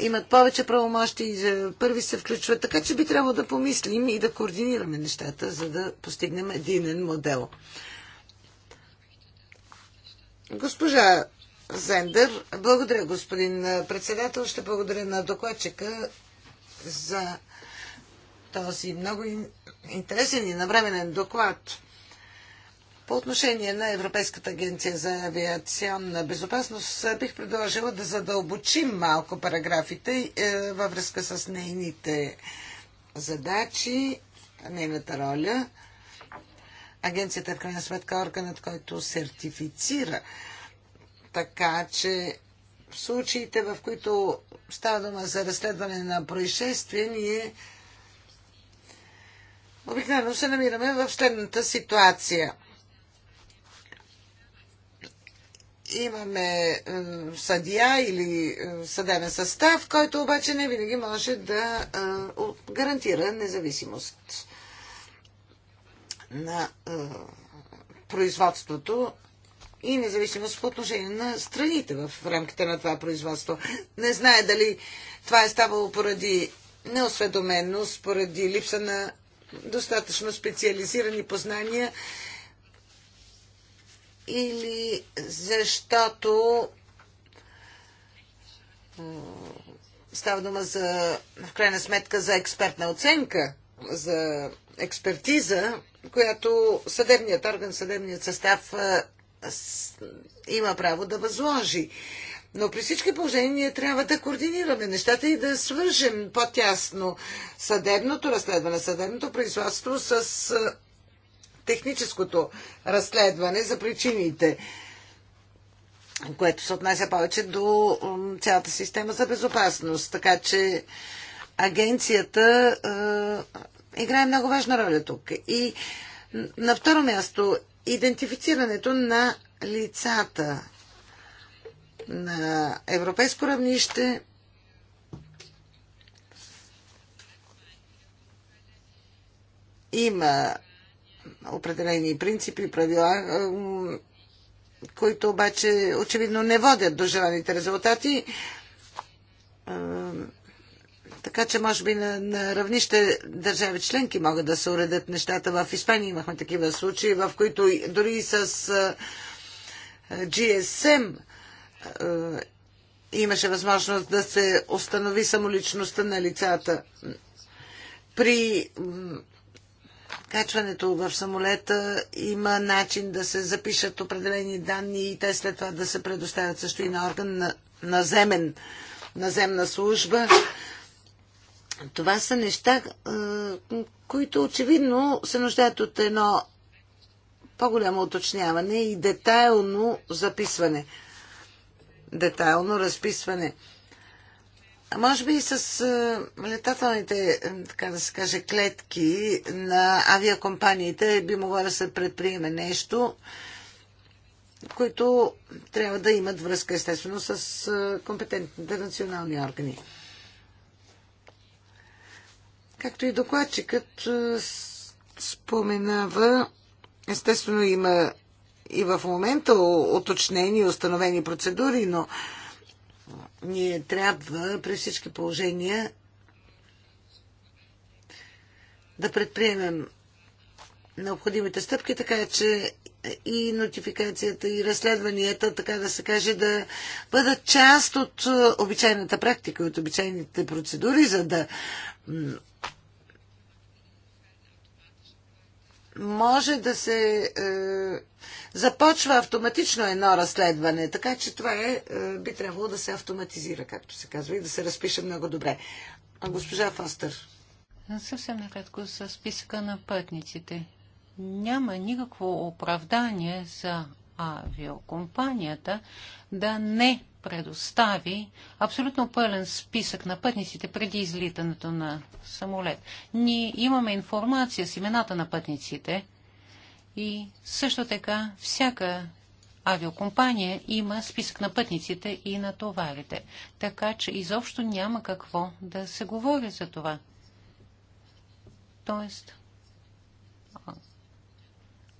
имат повече правомощи и за първи се включват. Така че би трябвало да помислим и да координираме нещата, за да постигнем единен модел. Госпожа Зендер, благодаря господин председател, ще благодаря на докладчика за този много интересен и навременен доклад. По отношение на Европейската агенция за авиационна безопасност е, бих предложила да задълбочим малко параграфите е, във връзка с нейните задачи, нейната роля. Агенцията е в крайна сметка органът, който сертифицира. Така че в случаите, в които става дума за разследване на происшествие, ние обикновено се намираме в следната ситуация – имаме е, съдия или е, съдебен състав, който обаче не винаги може да е, гарантира независимост на производството и независимост по отношение на страните в рамките на това производство. Не знае дали това е ставало поради неосведоменост, поради липса на достатъчно специализирани познания или защото става дума за, в крайна сметка, за експертна оценка, за експертиза, която съдебният орган, съдебният състав има право да възложи. Но при всички положения ние трябва да координираме нещата и да свържем по-тясно съдебното разследване, съдебното производство с техническото разследване за причините, което се отнася повече до цялата система за безопасност. Така че агенцията е, играе много важна роля тук. И на второ място, идентифицирането на лицата на европейско равнище има определени принципи, правила, които обаче очевидно не водят до желаните резултати. Така че, може би, на, на равнище държави членки могат да се уредят нещата. В Испания имахме такива случаи, в които дори с GSM имаше възможност да се установи самоличността на лицата. При качването в самолета има начин да се запишат определени данни и те след това да се предоставят също и на орган на наземен, наземна служба. Това са неща, е, които очевидно се нуждаят от едно по-голямо уточняване и детайлно записване, детайлно разписване. Може би с е, летателните, е, така да се каже, клетки на авиакомпаниите би могло да се предприеме нещо, които трябва да имат връзка, естествено, с е, компетентните национални органи. Както и докладчикът споменава, естествено има и в момента уточнени и установени процедури, но ние трябва при всички положения да предприемем необходимите стъпки, така че и нотификацията, и разследванията, така да се каже, да бъдат част от обичайната практика, от обичайните процедури, за да може да се е, започва автоматично едно разследване, така че това е, е, би трябвало да се автоматизира, както се казва, и да се разпише много добре. А госпожа Фостър? Съвсем накратко за списъка на пътниците. Няма никакво оправдание за авиокомпанията да не предостави абсолютно пълен списък на пътниците преди излитането на самолет. Ние имаме информация с имената на пътниците и също така всяка авиокомпания има списък на пътниците и на товарите. Така че изобщо няма какво да се говори за това. Тоест,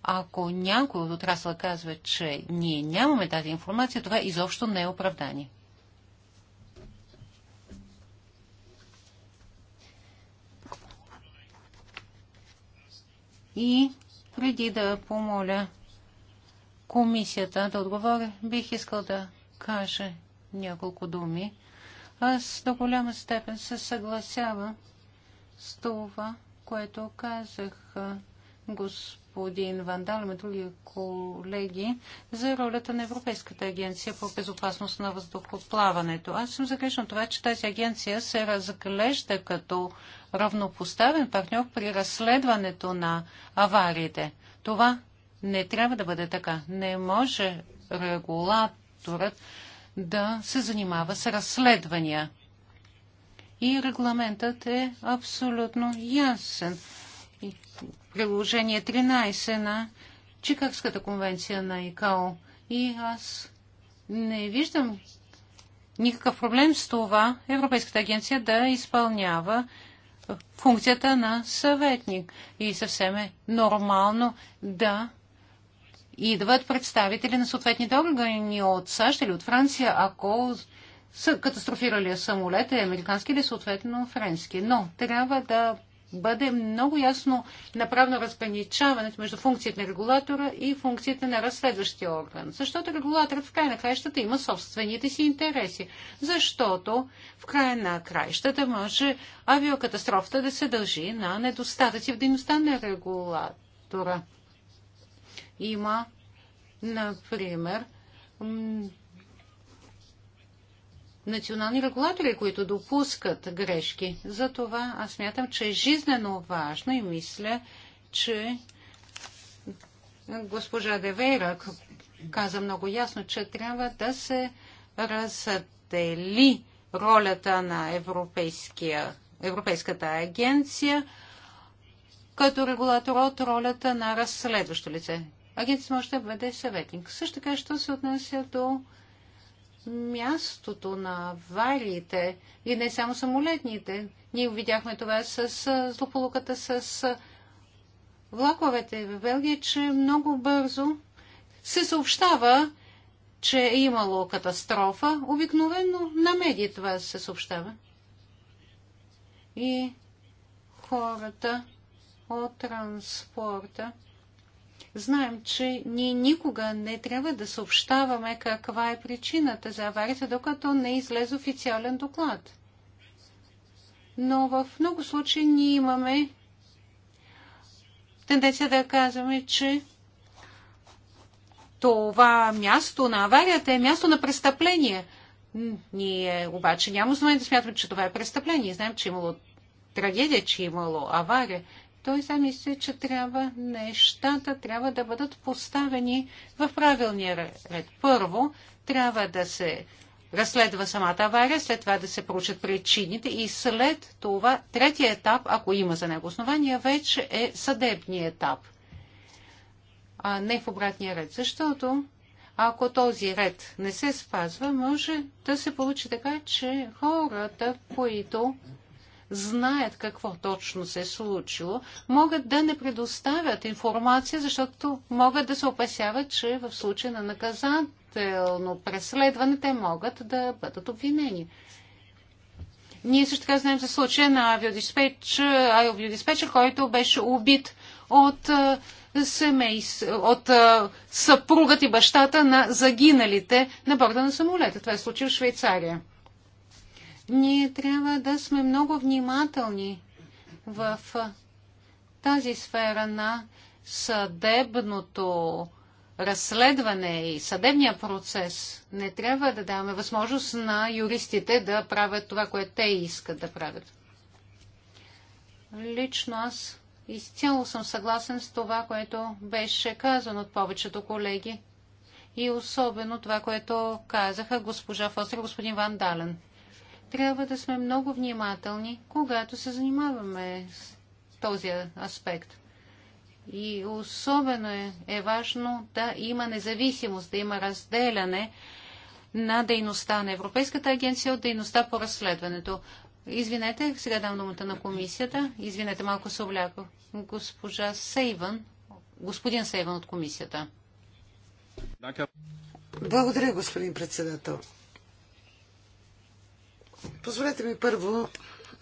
ако някой от отрасла казва, че ние нямаме тази информация, това изобщо не е оправдание. И преди да помоля комисията да отговоря, бих искал да кажа няколко думи. Аз до голяма степен се съгласявам с това, което казах господин господин Вандал и други колеги за ролята на Европейската агенция по безопасност на въздухоплаването. Аз съм загрешна това, че тази агенция се разглежда като равнопоставен партньор при разследването на авариите. Това не трябва да бъде така. Не може регулаторът да се занимава с разследвания. И регламентът е абсолютно ясен приложение 13 на Чикагската конвенция на ИКАО. И аз не виждам никакъв проблем с това Европейската агенция да изпълнява функцията на съветник. И съвсем е нормално да идват представители на съответните органи от САЩ или от Франция, ако са катастрофирали самолет е американски или съответно френски. Но трябва да бъде много ясно направено разграничаването между функциите на регулатора и функцията на разследващия орган. Защото регулаторът в край на краищата има собствените си интереси. Защото в края на краищата може авиокатастрофата да се дължи на недостатъци в дейността на регулатора. Има, например, национални регулатори, които допускат грешки. Затова аз смятам, че е жизнено важно и мисля, че госпожа Девейра каза много ясно, че трябва да се раздели ролята на Европейската агенция като регулатор от ролята на разследващо лице. Агенцията може да бъде съветник. Също така, що се отнася до мястото на авариите и не само самолетните. Ние видяхме това с злополуката с влаковете в Белгия, че много бързо се съобщава, че е имало катастрофа. Обикновено на медии това се съобщава. И хората от транспорта знаем, че ние никога не трябва да съобщаваме каква е причината за аварията, докато не излезе официален доклад. Но в много случаи ние имаме тенденция да казваме, че това място на аварията е място на престъпление. Ние обаче няма основание да смятаме, че това е престъпление. Знаем, че имало трагедия, че имало авария. Той сам мисли, че трябва нещата трябва да бъдат поставени в правилния ред. Първо, трябва да се разследва самата авария, след това да се проучат причините и след това третия етап, ако има за него основания, вече е съдебния етап. А не в обратния ред, защото ако този ред не се спазва, може да се получи така, че хората, които знаят какво точно се е случило, могат да не предоставят информация, защото могат да се опасяват, че в случай на наказателно преследване те могат да бъдат обвинени. Ние също така знаем за случая на авиодиспетчер, който беше убит от семейство, от съпругът и бащата на загиналите на борда на самолета. Това е случай в Швейцария. Ние трябва да сме много внимателни в тази сфера на съдебното разследване и съдебния процес. Не трябва да даваме възможност на юристите да правят това, което те искат да правят. Лично аз изцяло съм съгласен с това, което беше казано от повечето колеги и особено това, което казаха госпожа Фостер и господин Ван Дален трябва да сме много внимателни, когато се занимаваме с този аспект. И особено е, е важно да има независимост, да има разделяне на дейността на Европейската агенция от дейността по разследването. Извинете, сега дам думата на комисията. Извинете, малко се обляко, Госпожа Сейвън, господин Сейван от комисията. Благодаря, господин председател. Позволете ми първо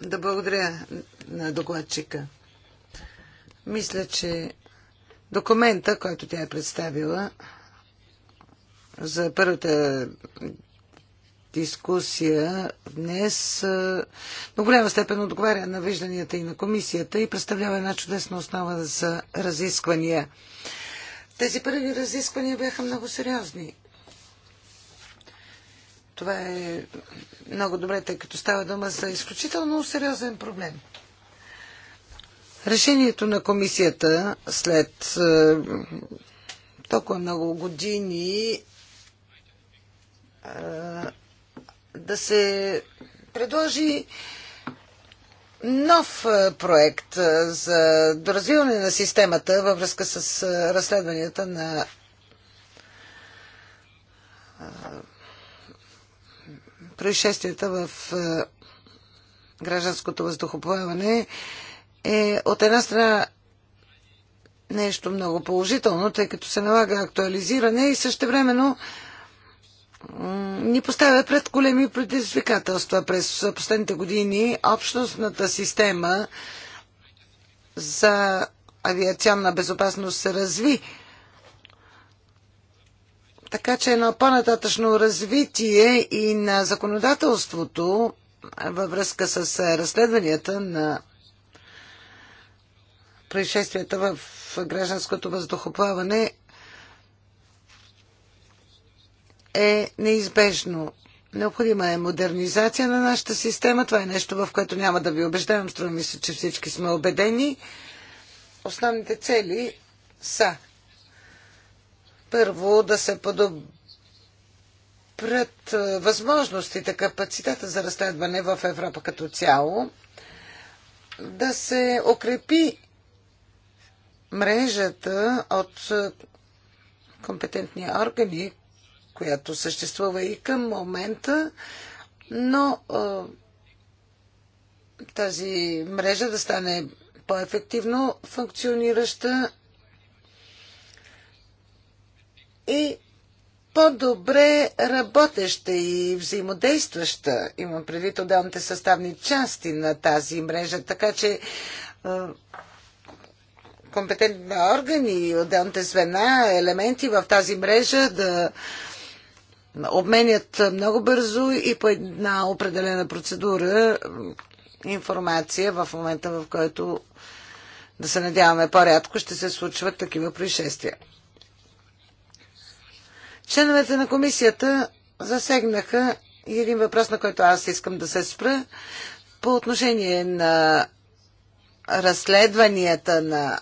да благодаря на докладчика. Мисля, че документа, който тя е представила за първата дискусия днес до голяма степен отговаря на вижданията и на комисията и представлява една чудесна основа за разисквания. Тези първи разисквания бяха много сериозни. Това е много добре, тъй като става дума за изключително сериозен проблем. Решението на комисията след е, толкова много години е, да се предложи нов е, проект за доразвиване на системата във връзка с разследванията на происшествията в е, гражданското въздухоплаване е от една страна нещо много положително, тъй като се налага актуализиране и също времено ни поставя пред големи предизвикателства. През последните години общностната система за авиационна безопасност се разви така че едно по-нататъчно развитие и на законодателството във връзка с разследванията на происшествията в гражданското въздухоплаване е неизбежно. Необходима е модернизация на нашата система. Това е нещо, в което няма да ви убеждавам. Струва ми се, че всички сме убедени. Основните цели са първо да се подобрят е, възможностите, капацитета за разследване в Европа като цяло, да се укрепи мрежата от е, компетентни органи, която съществува и към момента, но е, тази мрежа да стане по-ефективно функционираща и по-добре работеща и взаимодействаща. Имам предвид отделните съставни части на тази мрежа, така че компетентни органи и отделните звена, елементи в тази мрежа да обменят много бързо и по една определена процедура информация в момента, в който да се надяваме по-рядко ще се случват такива происшествия. Членовете на комисията засегнаха и един въпрос, на който аз искам да се спра. По отношение на разследванията на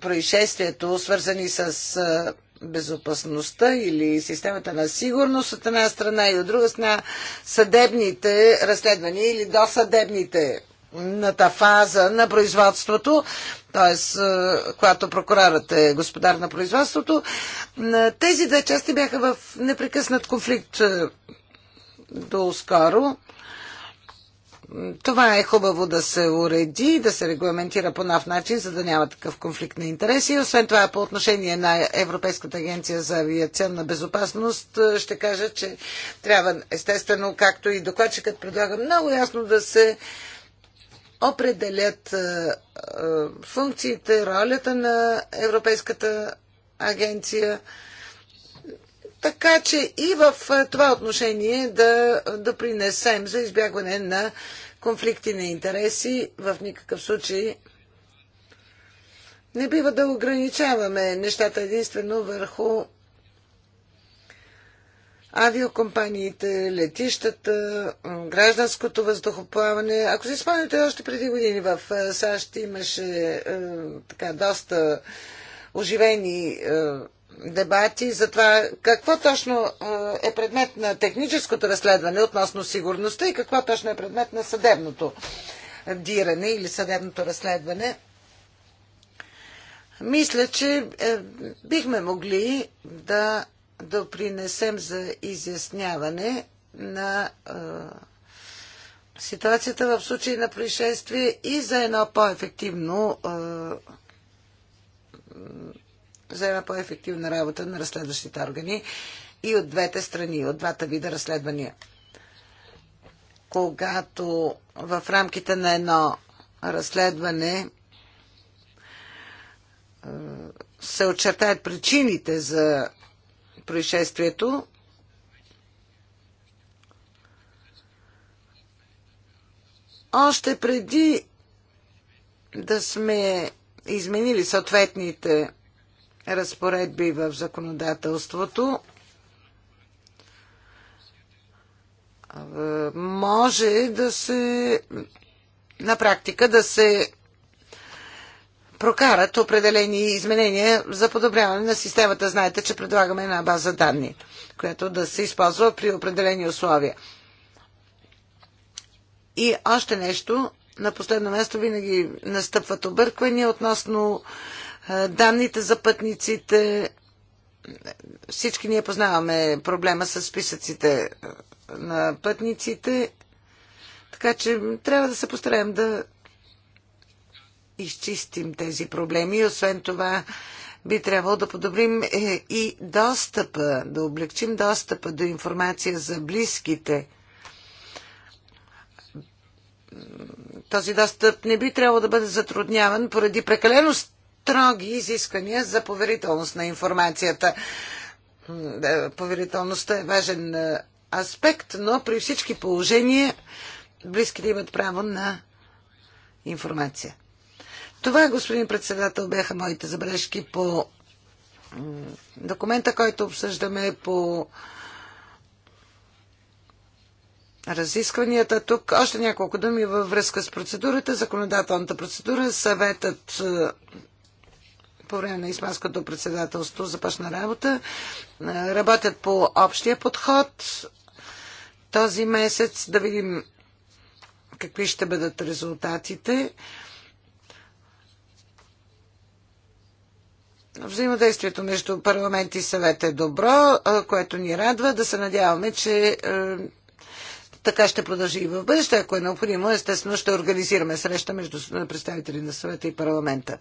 происшествието, свързани с безопасността или системата на сигурност от една страна и от друга страна съдебните разследвания или досъдебните последната фаза на производството, т.е. когато прокурорът е господар на производството, тези две части бяха в непрекъснат конфликт до скоро. Това е хубаво да се уреди, да се регламентира по нов начин, за да няма такъв конфликт на интереси. Освен това, по отношение на Европейската агенция за авиационна безопасност, ще кажа, че трябва естествено, както и докладчикът предлага, много ясно да се определят функциите, ролята на Европейската агенция, така че и в това отношение да допринесем да за избягване на конфликти на интереси. В никакъв случай не бива да ограничаваме нещата единствено върху авиокомпаниите, летищата, гражданското въздухоплаване. Ако си спомняте, още преди години в е, САЩ имаше е, така доста оживени е, дебати за това какво точно е, е предмет на техническото разследване относно сигурността и какво точно е предмет на съдебното диране или съдебното разследване. Мисля, че е, бихме могли да допринесем за изясняване на ситуацията в случай на происшествие и за едно по-ефективно за една по-ефективна работа на разследващите органи и от двете страни, от двата вида разследвания. Когато в рамките на едно разследване се очертаят причините за происшествието. Още преди да сме изменили съответните разпоредби в законодателството, може да се на практика да се прокарат определени изменения за подобряване на системата. Знаете, че предлагаме една база данни, която да се използва при определени условия. И още нещо, на последно място винаги настъпват обърквания относно е, данните за пътниците. Всички ние познаваме проблема с списъците е, на пътниците, така че трябва да се постараем да изчистим тези проблеми. Освен това, би трябвало да подобрим е, и достъпа, да облегчим достъпа до информация за близките. Този достъп не би трябвало да бъде затрудняван поради прекалено строги изисквания за поверителност на информацията. Е, поверителността е важен е, аспект, но при всички положения близките имат право на информация. Това, господин председател, бяха моите забележки по документа, който обсъждаме по разискванията тук. Още няколко думи във връзка с процедурата, законодателната процедура. Съветът е, по време на Испанското председателство започна работа. Е, работят по общия подход този месец, да видим какви ще бъдат резултатите. Взаимодействието между парламент и съвет е добро, което ни радва. Да се надяваме, че е, така ще продължи и в бъдеще. Ако е необходимо, естествено ще организираме среща между представители на съвета и парламента.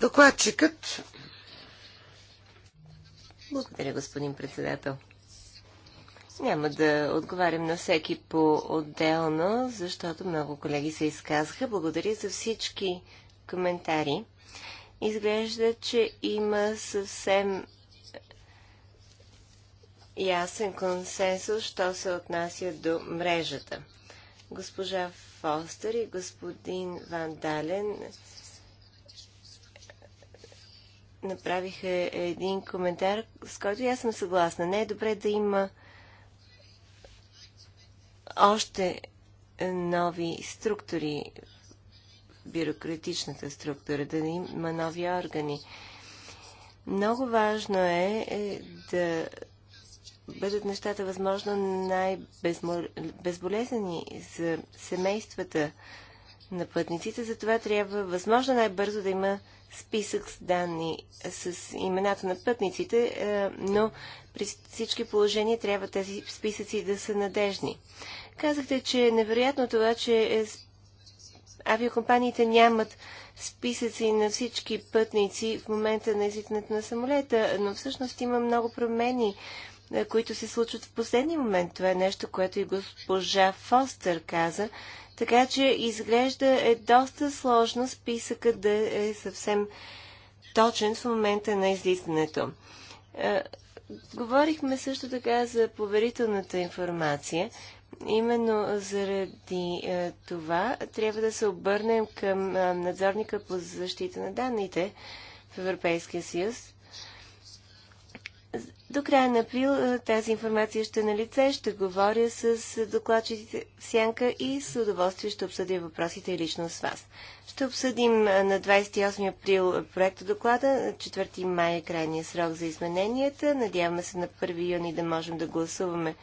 Докладчикът. Благодаря, господин председател. Няма да отговарям на всеки по-отделно, защото много колеги се изказаха. Благодаря за всички коментари. Изглежда, че има съвсем ясен консенсус, що се отнася до мрежата. Госпожа Фостер и господин Ван Дален направиха един коментар, с който аз съм съгласна. Не е добре да има още нови структури бюрократичната структура, да има нови органи. Много важно е, е, да бъдат нещата възможно най-безболезнени за семействата на пътниците. Затова трябва възможно най-бързо да има списък с данни с имената на пътниците, е, но при всички положения трябва тези списъци да са надежни. Казахте, че е невероятно това, че е авиокомпаниите нямат списъци на всички пътници в момента на излитането на самолета, но всъщност има много промени, които се случват в последния момент. Това е нещо, което и госпожа Фостер каза. Така че изглежда е доста сложно списъка да е съвсем точен в момента на излизането. Говорихме също така за поверителната информация именно заради е, това трябва да се обърнем към е, надзорника по защита на данните в Европейския съюз. До края на април е, тази информация ще е на лице. Ще говоря с докладчиците Сянка и с удоволствие ще обсъдя въпросите лично с вас. Ще обсъдим е, на 28 април проекта доклада, 4 май е крайния срок за измененията. Надяваме се на 1 юни да можем да гласуваме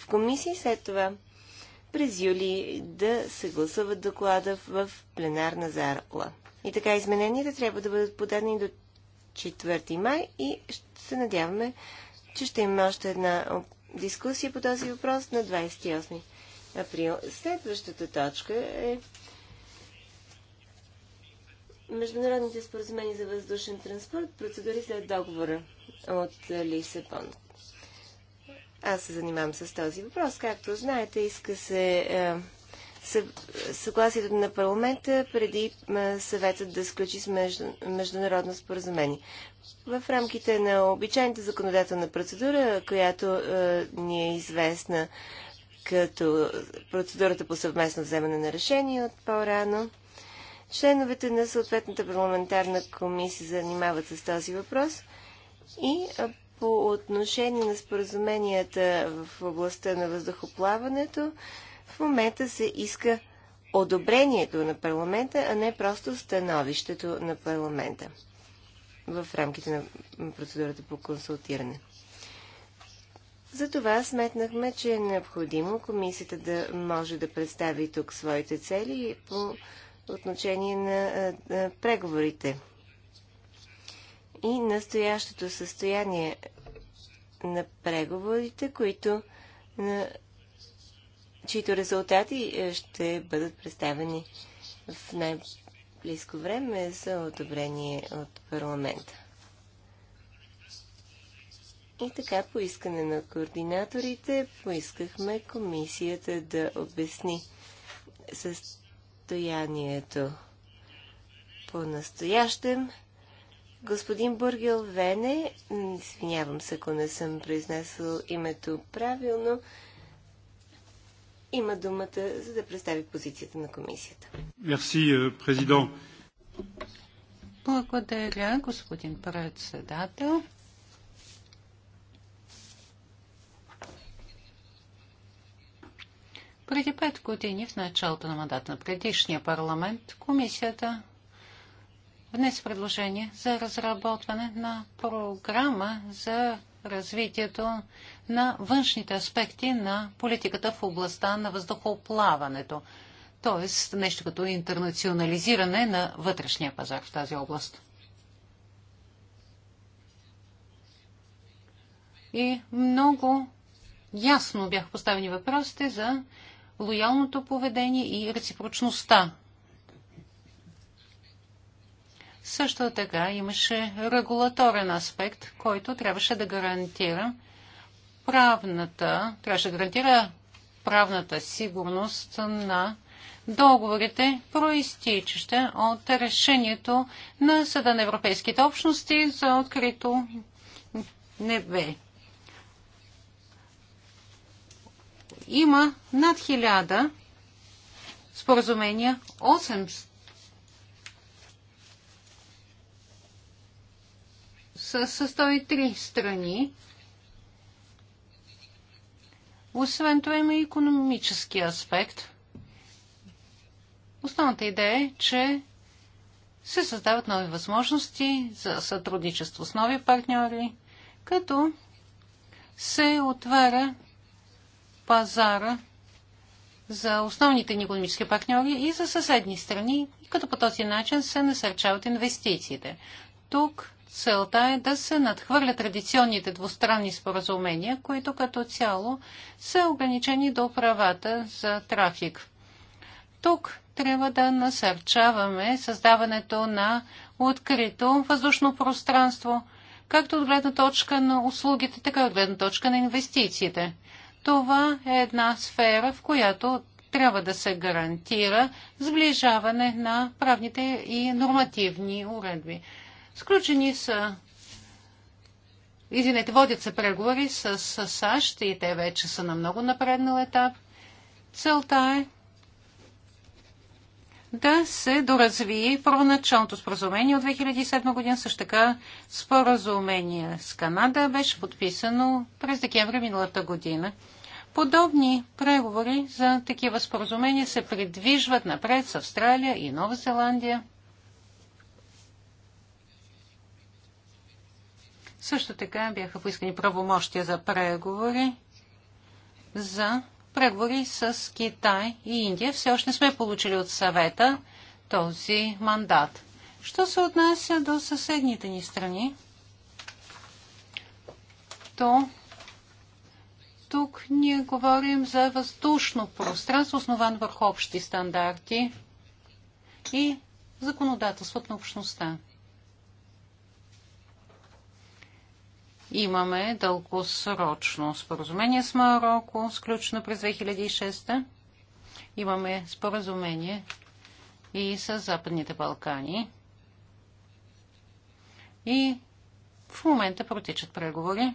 в комисии, след това през юли да съгласуват доклада в пленарна зала. И така измененията трябва да бъдат подадени до 4 май и ще се надяваме, че ще има още една дискусия по този въпрос на 28 април. Следващата точка е Международните споразумения за въздушен транспорт, процедури след договора от Лисабон. Аз се занимавам с този въпрос. Както знаете, иска се е, съгласието на парламента преди е, съветът да сключи с между, международно споразумение. В рамките на обичайната законодателна процедура, която е, ни е известна като процедурата по съвместно вземане на решение от по-рано, членовете на съответната парламентарна комисия занимават с този въпрос и е, по отношение на споразуменията в областта на въздухоплаването, в момента се иска одобрението на парламента, а не просто становището на парламента в рамките на процедурата по консултиране. Затова сметнахме, че е необходимо комисията да може да представи тук своите цели по отношение на, на преговорите и настоящото състояние на преговорите, които, на, чието резултати е, ще бъдат представени в най-близко време за одобрение от парламента. И така, по искане на координаторите, поискахме комисията да обясни състоянието по настоящем Господин Бургел Вене, извинявам се, ако не съм произнесъл името правилно, има думата, за да представи позицията на комисията. Мерси, е, президент. Благодаря, господин председател. Преди пет години, в началото на мандата на предишния парламент, комисията внес предложение за разработване на програма за развитието на външните аспекти на политиката в областта на въздухоплаването, т.е. нещо като интернационализиране на вътрешния пазар в тази област. И много ясно бях поставени въпросите за лоялното поведение и реципрочността Също така имаше регулаторен аспект, който трябваше да гарантира правната, трябваше да гарантира правната сигурност на договорите, проистичаща от решението на Съда на Европейските общности за открито небе. Има над хиляда споразумения, 800 с 103 страни. Освен това има и економически аспект. Основната идея е, че се създават нови възможности за сътрудничество с нови партньори, като се отваря пазара за основните ни економически партньори и за съседни страни, като по този начин се насърчават инвестициите. Тук целта е да се надхвърля традиционните двустранни споразумения, които като цяло са ограничени до правата за трафик. Тук трябва да насърчаваме създаването на открито въздушно пространство, както от гледна точка на услугите, така и от гледна точка на инвестициите. Това е една сфера, в която трябва да се гарантира сближаване на правните и нормативни уредби. Сключени са Извинете, водят се преговори с, с САЩ и те вече са на много напреднал етап. Целта е да се доразвие първоначалното споразумение от 2007 година. Също така споразумение с Канада беше подписано през декември миналата година. Подобни преговори за такива споразумения се придвижват напред с Австралия и Нова Зеландия. Също така бяха поискани правомощия за преговори за преговори с Китай и Индия. Все още не сме получили от съвета този мандат. Що се отнася до съседните ни страни, то тук ние говорим за въздушно пространство, основан върху общи стандарти и законодателството на общността. Имаме дългосрочно споразумение с Марокко, сключено през 2006 Имаме споразумение и с Западните Балкани. И в момента протичат преговори.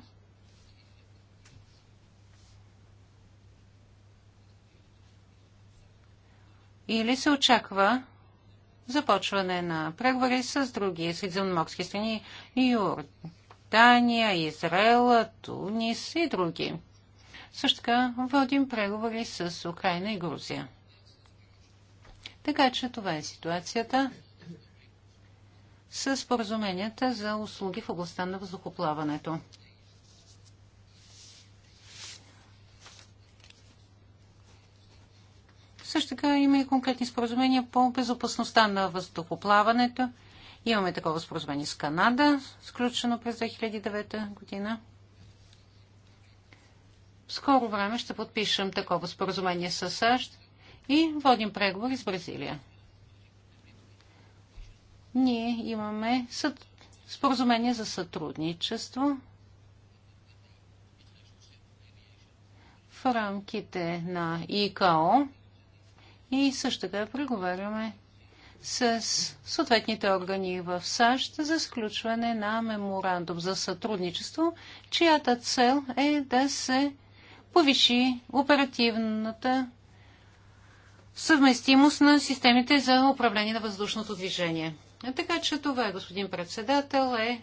Или се очаква започване на преговори с други средиземноморски страни, Юр... Дания, Израела, Тунис и други. Също така водим преговори с Украина и Грузия. Така че това е ситуацията с споразуменията за услуги в областта на въздухоплаването. Също така има и конкретни споразумения по безопасността на въздухоплаването – Имаме такова споразумение с Канада, сключено през 2009 година. В скоро време ще подпишем такова споразумение с САЩ и водим преговори с Бразилия. Ние имаме съд... споразумение за сътрудничество в рамките на ИКО и също така преговаряме с съответните органи в САЩ за сключване на меморандум за сътрудничество, чиято цел е да се повиши оперативната съвместимост на системите за управление на въздушното движение. Така че това, е, господин председател, е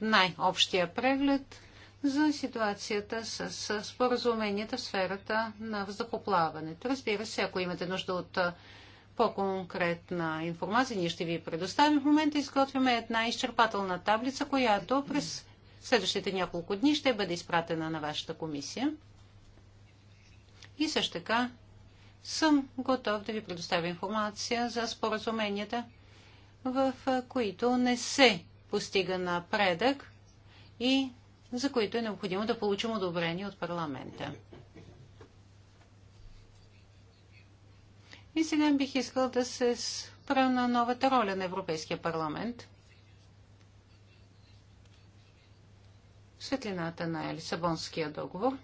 най-общия преглед за ситуацията с, с споразуменията в сферата на въздухоплаването. Разбира се, ако имате нужда от по-конкретна информация ние ще ви предоставим. В момента изготвяме една изчерпателна таблица, която през следващите няколко дни ще бъде изпратена на вашата комисия. И също така съм готов да ви предоставя информация за споразуменията, в които не се постига напредък и за които е необходимо да получим одобрение от парламента. И сега бих искал да се спра на новата роля на Европейския парламент. светлината на Лисабонския договор.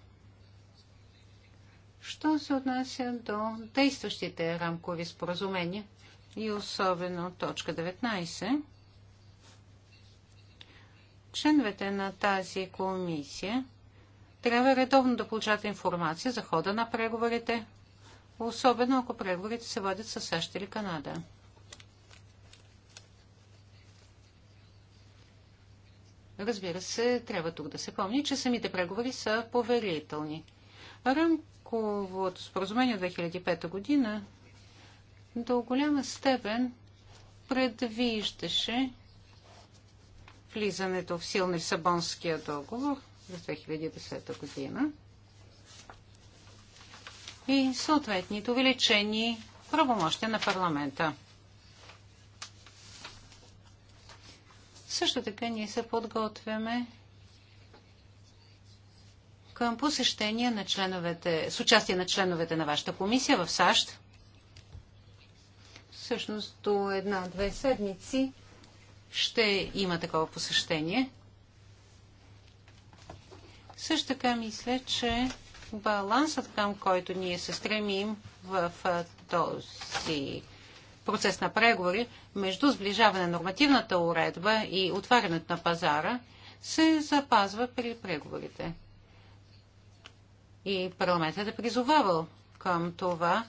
Що се отнася до действащите рамкови споразумения и особено точка 19, членовете на тази комисия трябва редовно да получат информация за хода на преговорите, особено ако преговорите се водят с САЩ или Канада. Разбира се, трябва тук да се помни, че самите преговори са поверителни. Рамковото споразумение от 2005 година до голяма степен предвиждаше влизането в силни Лисабонския договор за 2010 година и съответните увеличени правомощия на парламента. Също така ние се подготвяме към посещение на членовете, с участие на членовете на вашата комисия в САЩ. Всъщност до една-две седмици ще има такова посещение. Също така мисля, че балансът, към който ние се стремим в този процес на преговори между сближаване на нормативната уредба и отварянето на пазара, се запазва при преговорите. И парламентът е призовавал към това